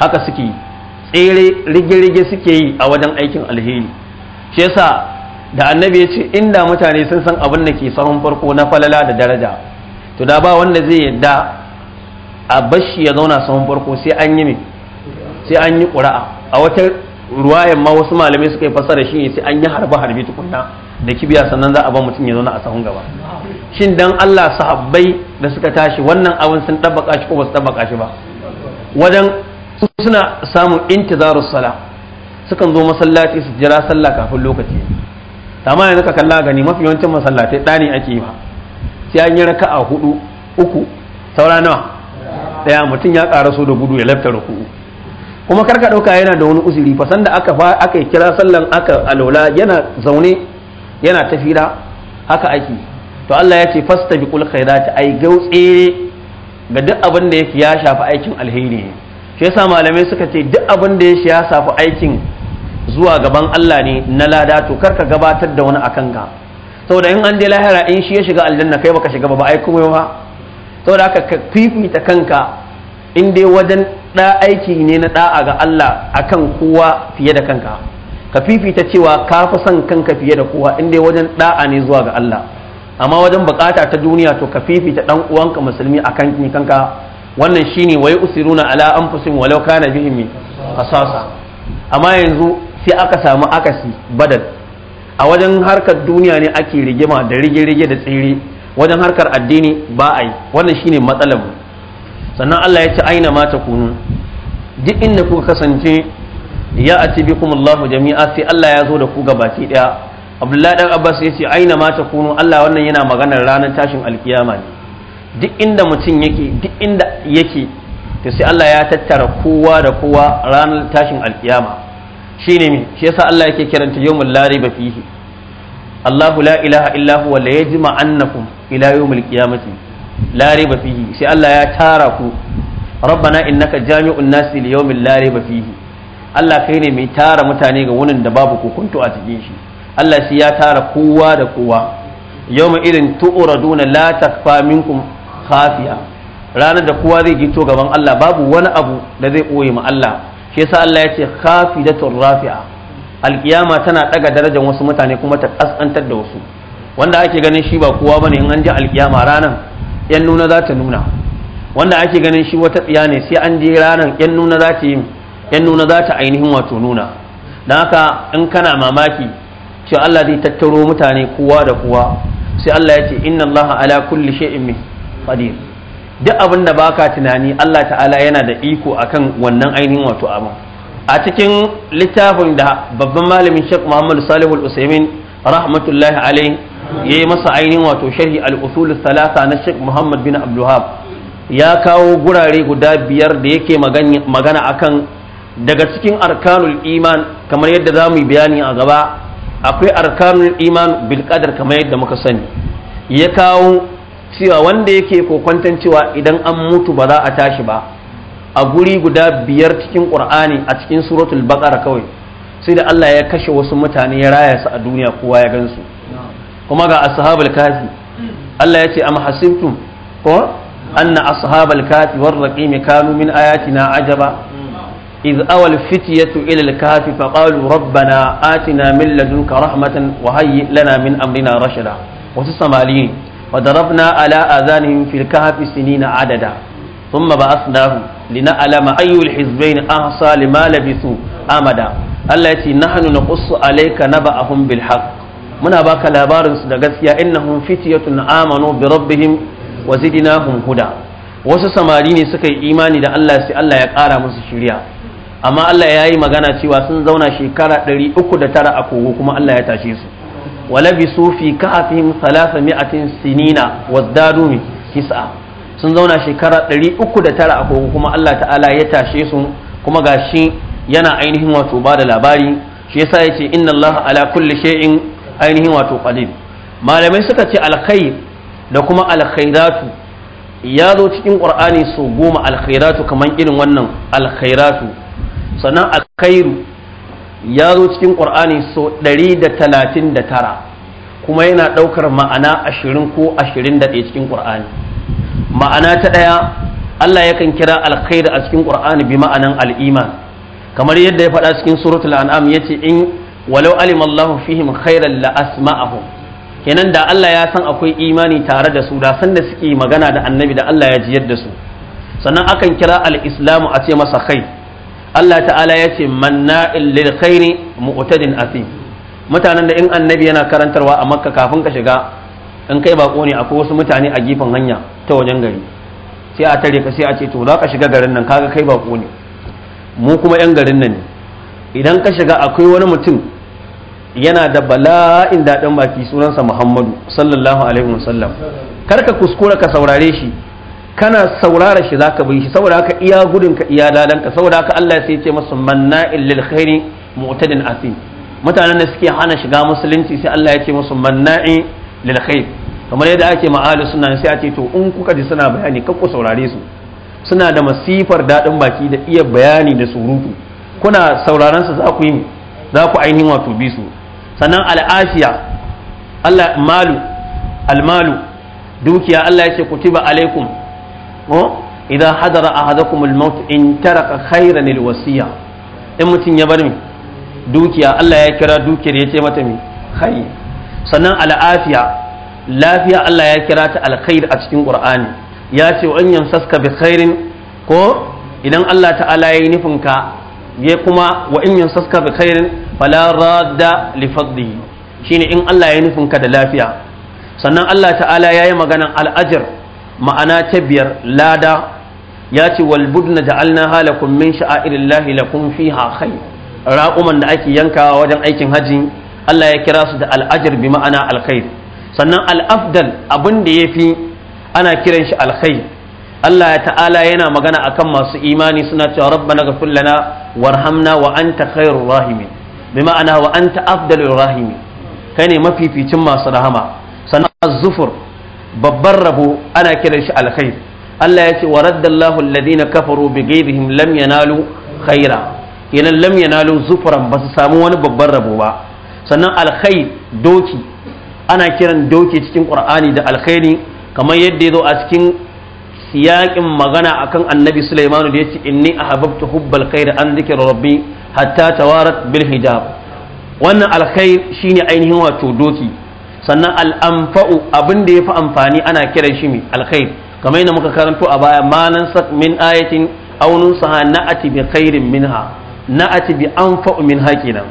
haka suke tsere rige-rige suke yi a wajen aikin alheri shi yasa da annabi ya ce inda mutane sun san abin da ke sahun farko na falala da daraja to da ba wanda zai yadda a bashi ya zauna sahun farko sai an yi sai an yi ƙura'a a wata ruwayan ma wasu malamai suka yi fasara shi sai an yi harba harbi tukunna da kibiya sannan za a ban mutum ya zauna a sahun gaba shin dan Allah sahabbai da suka tashi wannan abin sun tabbaka shi ko ba su tabbaka shi ba wajen suna samun intizarus sala sukan zo masallaci su jira sallah kafin lokaci amma yanzu ka kalla gani mafi yawancin masallatai ɗani ake yi ba sai an yi raka'a hudu uku saura nawa daya mutum ya ƙara so da gudu ya lafta ruku'u kuma karka ɗauka yana da wani uzuri fa sanda aka fa aka kira sallan aka alola yana zaune yana tafira haka ake to Allah ya ce fastabiqul khairat ai gautse ga duk abin da yake ya shafi aikin alheri ne shi yasa malamai suka ce duk abin da yake ya shafi aikin zuwa gaban Allah ne na lada to karka gabatar da wani akan ka saboda in an je lahira in shi ya shiga aljanna kai baka shiga ba ba ai kuma ba saboda haka ka fifita kanka in dai wajen ɗa aiki ne na ɗa'a ga Allah akan kowa fiye da kanka ka fifita cewa ka fi son kanka fiye da kowa in dai wajen ɗa'a ne zuwa ga Allah amma wajen bukata ta duniya to ka fifita dan uwanka musulmi akan ni kanka wannan shine wai usiruna ala anfusihim walau kana bihim qasasa amma yanzu sai aka samu akasi badal a wajen harkar duniya ne ake rigima da rige-rige da tsere wajen harkar addini ba a yi wannan shine matsalar sannan Allah ya ce aina ma ta kunu. duk inda kuka kasance ya ati bikum Allahu jami'a sai Allah ya zo da ku gabaki daya Abdullahi dan Abbas ya ce aina ma ta kunu. Allah wannan yana maganar ranar tashin alkiyama ne duk inda mutum yake duk inda yake to sai Allah ya tattara kowa da kowa ranar tashin alkiyama shine me shi yasa Allah yake kiranta yawmul lariba fihi Allahu la ilaha illa huwa la yajma annakum ila yawmil qiyamati la riba fihi sai Allah ya tara ku rabbana innaka jami'un nasi li yawmin la riba fihi Allah kai ne mai tara mutane ga wunin da babu kokunto a cikin shi Allah shi ya tara kowa da kowa yawma irin tu'raduna la takfa minkum khafiya ranar da kowa zai gito gaban Allah babu wani abu da zai ɓoye ma Allah shi yasa Allah ya ce khafidatur rafi'a alkiyama tana daga darajar wasu mutane kuma ta kasantar da wasu wanda ake ganin shi ba kowa bane in an ji alkiyama ranan yan nuna za ta nuna wanda ake ganin shi wata tsiya ne sai an je ranan yan nuna za ta yi yan nuna za ta ainihin wato nuna don haka in kana mamaki cewa Allah zai tattaro mutane kowa da kowa sai Allah ya ce inna Allah ala kulli shay'in qadir duk abin da baka tunani Allah ta'ala yana da iko akan wannan ainihin wato abin a cikin littafin da babban malamin Sheikh Muhammad Salihu Al-Usaimin rahmatullahi alaihi yayi masa ainihin wato sharhi al-usul thalatha na Sheikh Muhammad bin Abdul ya kawo gurare guda biyar da yake magana akan daga cikin arkanul iman kamar yadda za mu yi bayani a gaba akwai arkanul iman bil qadar kamar yadda muka sani ya kawo cewa wanda yake kokwantan cewa idan an mutu ba za a tashi ba a guri guda biyar cikin ƙur'ani a cikin suratul baqara kawai sai da Allah ya kashe wasu mutane ya raya su a duniya kowa ya gansu kuma ga ashabul kafi Allah ya ce am hasibtum ko anna ashabul kafi war raqim kanu min ayatina ajaba idh awal fityatu ila al kafi fa qalu rabbana atina min ladunka rahmatan wa hayyi lana min amrina rashada wasu samaliyin wa darabna ala adhanihim fil kahfi sinina adada thumma ba'athnahum lina alama ayyul hizbain ahsa lima labisu amada Allah yace nahnu naqussu alayka naba'ahum bil haqq muna baka labarin su da gaskiya innahum fityatun amanu bi rabbihim wa zidnahum huda wasu samari ne suka yi imani da Allah sai Allah ya ƙara musu shiriya amma Allah ya yi magana cewa sun zauna shekara 309 a kogo kuma Allah ya tashe su walabisu fi ka'afihim 300 sinina wazdadu tis'a sun zauna shekara ɗari uku da tara a kogo kuma Allah ta'ala ya tashe su kuma ga shi yana ainihin wato ba da labari shi yasa ya ce inna Allah ala kulli shay'in ainihin wato qadir malamai suka ce alkhair da kuma alkhairatu ya zo cikin qur'ani su goma alkhairatu kaman irin wannan alkhairatu sannan alkhairu ya zo cikin qur'ani so 139 kuma yana ɗaukar ma'ana ashirin ko ashirin da cikin qur'ani ma'ana ta ɗaya Allah yakan kira alkhair a cikin Qur'ani bi ma'anan aliman kamar yadda ya faɗa cikin suratul an'am yace in walau alima Allahu fihim khairan la asma'ahum kenan da Allah ya san akwai imani tare da su da san da suke magana da annabi da Allah ya ji yadda su sannan akan kira al-islamu a ce masa khair Allah ta'ala ya ce manna'il lil khairi mu'tadin asim mutanen da in annabi yana karantarwa a makka kafin ka shiga in kai bako ne akwai wasu mutane a gefen hanya ta wajen gari sai a tare ka sai a ce to za ka shiga garin nan kaga kai bako ne mu kuma yan garin nan ne idan ka shiga akwai wani mutum yana da bala'in daɗin baki sunansa muhammadu sallallahu alaihi wasallam kar ka kuskura ka saurare shi kana saurara shi zaka bi shi saboda haka iya gudun ka iya dalan ka saboda haka Allah sai ya ce masa manna lil khairi mu'tadin asim mutanen da suke hana shiga musulunci sai Allah ya ce musu manna'i lil khair kamar yadda ake ma'alu suna sai a ce to in kuka ji suna bayani kakku saurare su suna da masifar daɗin baki da iya bayani da surutu kuna sauraron su za ku yi za ku ainihin wato bi su sannan al'afiya Allah malu almalu dukiya Allah ya ce kutiba alaikum idan hadara ahadakum kuma maut in taraka khayran al-wasiya in mutum ya bar mi dukiya Allah ya kira dukiyar ya ce mata mi khair sannan al'afiya lafiya Allah ya kira ta alkhair a cikin Qur'ani ya ce wa yan saska bi khairin ko idan Allah ta'ala ya yi nufin ka ya kuma wa in saska bi khairin fala radda li fadlihi shine in Allah ya yi nufin ka da lafiya sannan Allah ta'ala ya yi maganan al'ajar ma'ana ta biyar lada ya ce wal budna ja'alna halakum min sha'airillahi lakum fiha khair raƙuman da ake yankawa wajen aikin haji Allah ya kira su da al'ajar bi ma'ana alkhair sannan al'afdal abin da ya fi ana kiran shi alkhai Allah ta'ala yana magana akan masu imani suna cewa rabbana ghfir lana warhamna wa anta khairur rahimin bi ma'ana wa anta afdalur rahimin kai ne mafificin masu rahama sannan az-zufur babban rabo ana kiran shi alkhair Allah ya ce wa raddallahu alladhina kafaru bi ghayrihim lam yanalu khaira kenan lam yanalu zufuran ba su samu wani babban rabo ba sannan alkhair doki ana kiran doki cikin qur'ani da alkhairi kamar yadda ya zo a cikin siyaƙin magana akan annabi Sulaiman da ci inni ahabbtu hubbal khair an dhikra rabbi hatta tawarat bil hijab wannan alkhair shine ainihin wato doki sannan al'amfa'u abin da fi amfani ana kiran shi mai alkhair kamar yadda muka karanto a baya malan sak min ayatin aw nunsaha na'ati bi khairin minha na'ati bi anfa'u min haqina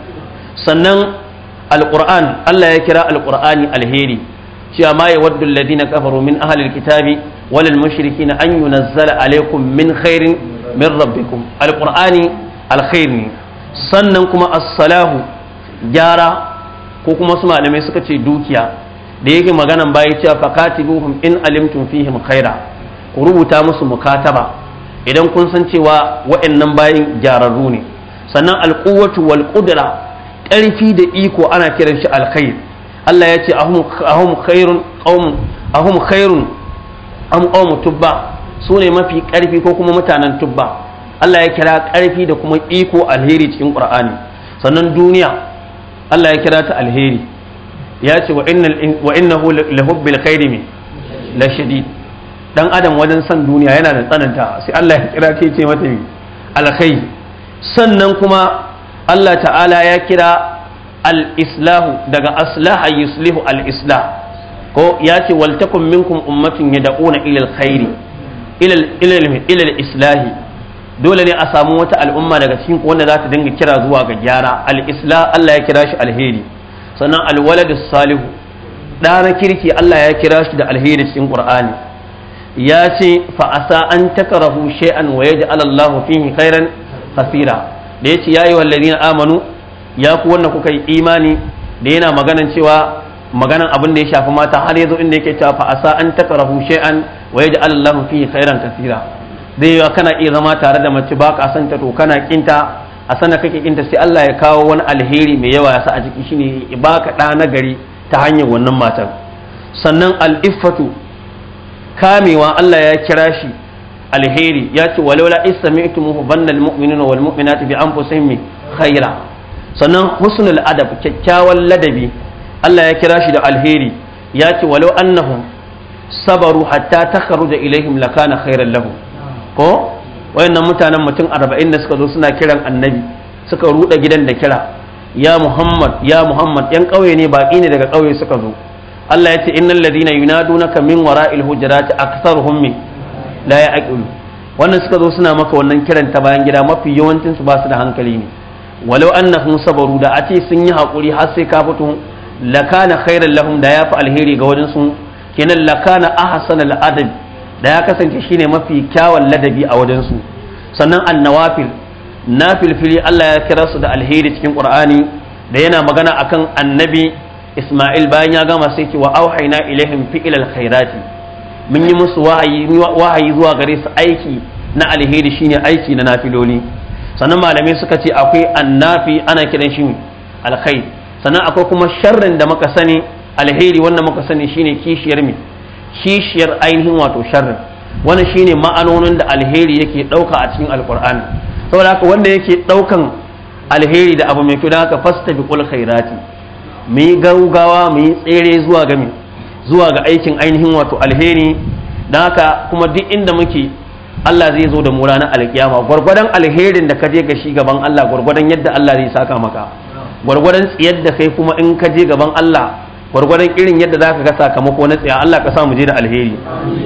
sannan alquran Allah ya kira alqur'ani alheri cewa ma yawaddu alladhina kafaru min ahli alkitabi wal mushrikin an yunazzala alaykum min khairin min rabbikum alqur'ani alkhair ne sannan kuma as-salahu gyara ko kuma su malamai suka ce dukiya da yake maganan bayi cewa fakatibuhum in alimtum fihim khaira ku rubuta musu mukataba idan kun san cewa wa'annan bayin gyararru ne sannan alquwwatu wal qudra ƙarfi da iko ana kiran shi alkhair Allah ya ce ahum khairun qaumun ahum khairun am qaum tubba su ne mafi ƙarfi ko kuma mutanen tubba Allah ya kira ƙarfi da kuma iko alheri cikin Qur'ani sannan duniya Allah ya kira ta alheri ya ce wa innal wa innahu lahubbil khairi la shadid dan adam wajen san duniya yana da tsananta sai Allah ya kira ta ce mata alkhair sannan kuma Allah ta'ala ya kira al'islahu islahu daga aslaha yuslihu al-islah ko ya ce wal takum minkum ummatin yad'una ila al-khairi ila ila al-islahi dole ne a samu wata al'umma daga cikin wanda za ta dinga kira zuwa ga gyara al-islah Allah ya kira shi alheri sannan al-walad salihu da kirki Allah ya kira shi da alheri cikin Qur'ani ya ce fa asa an takrahu shay'an wa yaj'al Allahu fihi khairan kasira da ya ce ya yi wa ladina amanu ya ku wannan kuka yi imani da yana maganan cewa maganan abin da ya shafi mata har ya zo inda yake cewa fa asa an takrahu shay'an wa yaj'al allah fi khairan kasira zai yi kana iya zama tare da mace ba ka san ta to kana kinta a sana kake kinta sai Allah ya kawo wani alheri mai yawa ya sa a jiki shine ba ka ɗa na gari ta hanyar wannan matar sannan al kamewa Allah ya kira shi alheri ya ce walaula istami'tumuhu banna almu'minuna wal mu'minatu bi anfusihim khaira sannan husnul adab kyakkyawan ladabi Allah ya kira shi da alheri ya ce walau annahum sabaru hatta takharuja ilaihim lakana khairan lahum ko wayannan mutanen mutum 40 da suka zo suna kiran annabi suka ruda gidan da kira ya muhammad ya muhammad yan kauye ne baki ne daga kauye suka zo Allah ya ce innal ladina yunadunaka min wara'il hujurati aktharuhum min la ya aqilu wannan suka zo suna maka wannan kiran ta bayan gida mafi yawancin su ba su da hankali ne walau annahum sabaru da ace sun yi hakuri har sai ka fito lakana khairan lahum da ya fi alheri ga wajen su kenan lakana ahsan al da ya kasance shine mafi kyawun ladabi a wajen su sannan annawafil fili Allah ya kira su da alheri cikin Qur'ani da yana magana akan annabi Isma'il bayan ya gama sai ce wa auhayna ilaihim fi'ilal khairati mun yi musu wahayi zuwa gare su aiki na alheri shine aiki na nafiloli sannan malamai suka ce akwai annafi ana kiran shi alkhair sannan akwai kuma sharrin da muka sani alheri wannan muka sani shine kishiyar mi kishiyar ainihin wato sharrin wannan shine ma'anonin da alheri yake dauka a cikin alqur'ani saboda haka wanda yake daukan alheri da abu mai kyau da haka fastabiqul khairati mu yi gaugawa mu yi tsere zuwa ga zuwa ga aikin ainihin wato alheri don haka kuma duk inda muke Allah zai zo da mu ranar alkiyama gwargwadon alherin da ka je ga shi gaban Allah gwargwadon yadda Allah zai saka maka gwargwadon tsiyar da kai kuma in ka je gaban Allah gwargwadon irin yadda za ka ga sakamako na tsaya Allah ka sa mu je da alheri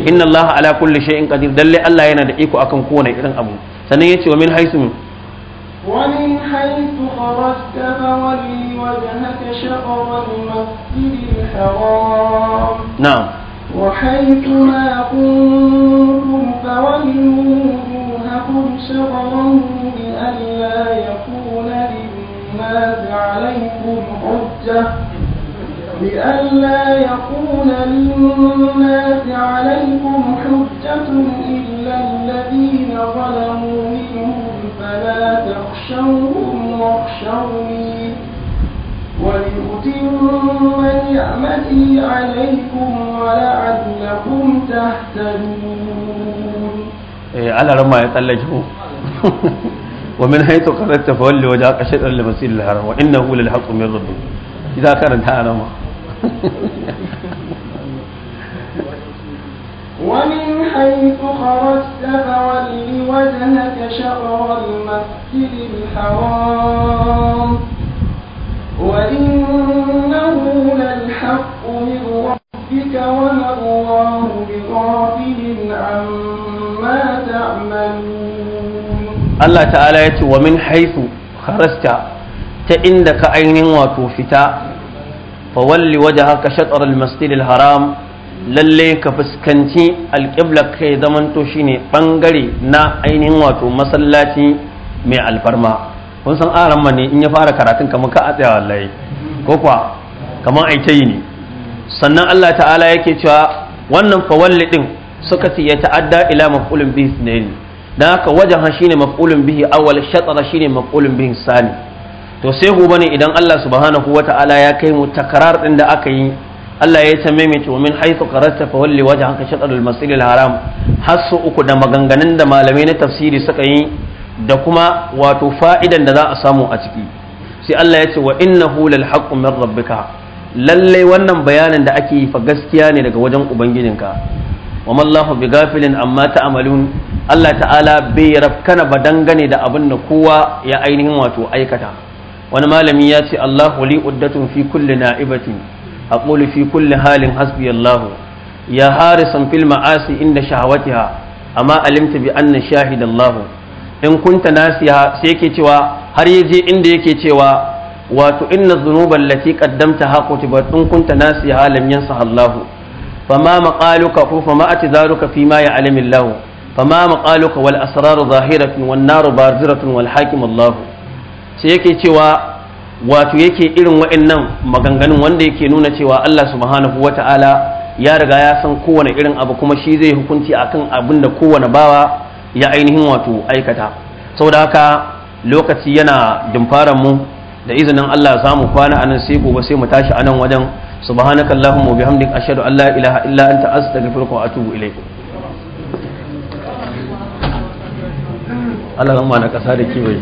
inna Allah ala kulli shay'in qadir dalle Allah yana da iko akan kowane irin abu sannan yace wa min haisu ومن حيث خرجت فولي وجهك شطر المسجد الحرام نعم وحيث ما كنتم فولوا وجوهكم شطره لئلا يكون للناس عليكم حجة لئلا يكون للناس عليكم حجة إلا الذين ظلموا فلا تخشوهم واخشوني ولأتم نعمتي عليكم ولعلكم تهتدون إيه على رمى يتلجه ومن حيث قررت فولي وجهك شطر لمسير الحرم وانه للحق من ربك اذا كانت انا ومن حيث خرجت فول وجهك شطر المسجد الحرام وإنه للحق من ربك وما الله بغافل عما تعملون الله تعالى يتي ومن حيث خرجت تئندك عين وكوفتا فول وجهك شطر المسجد الحرام lalle ka fuskanci zaman kai zamanto shine ɓangare na ainihin wato masallaci mai alfarma kun san aran ne in ya fara karatun kamar ka a tsaya wallahi ko kuwa kamar ai yi ne sannan Allah ta'ala yake cewa wannan fawalli ɗin suka ce ya ta'adda ila maf'ulun bihi sunaini dan haka wajaha shine maf'ulun bihi awwal shatara shine maf'ulun bihi sani to sai gobe ne idan Allah subhanahu ta'ala ya kai mu takarar ɗin da aka yi Allah ya ta maimaita wa min haythu qarata fa walli wajhaka shatr al-masjid haram hasu uku da maganganun da malamai na tafsiri suka yi da kuma wato fa'idan da za a samu a ciki sai Allah ya ce wa innahu lal haƙƙun min rabbika lalle wannan bayanin da ake yi fa gaskiya ne daga wajen ubangijinka wa mallahu bighafilin amma ta'malun Allah ta'ala bai rafkana ba dangane da abin da kowa ya ainihin wato aikata wani malami ya ce Allahu li uddatun fi kulli na'ibatin aqulu fi kulli halin hasbi Allah ya harisan samfil ma'asi inda shahawatiha amma alimta bi anna shahid Allah in kunta nasiha sai yake cewa har yaje inda yake cewa wato inna dhunuba allati qaddamtaha kutibat in kunta nasiha lam yansaha Allah fama maqaluka ko fama atizaruka fi ma ya'lamu Allah fama maqaluka wal asrar zahiratun wan nar barziratun wal hakim Allah sai yake cewa wato yake irin wa'annan maganganun wanda yake nuna cewa Allah subhanahu wata'ala ya riga ya san kowane irin abu kuma shi zai hukunci akan abin da kowane bawa ya ainihin wato aikata saboda haka lokaci yana dimfaran mu da izinin Allah za mu kwana anan sai gobe sai mu tashi anan wajen subhanakallahumma wa bihamdika ashhadu an la ilaha illa anta astaghfiruka wa atubu ilayk Allah na kasa da kiwai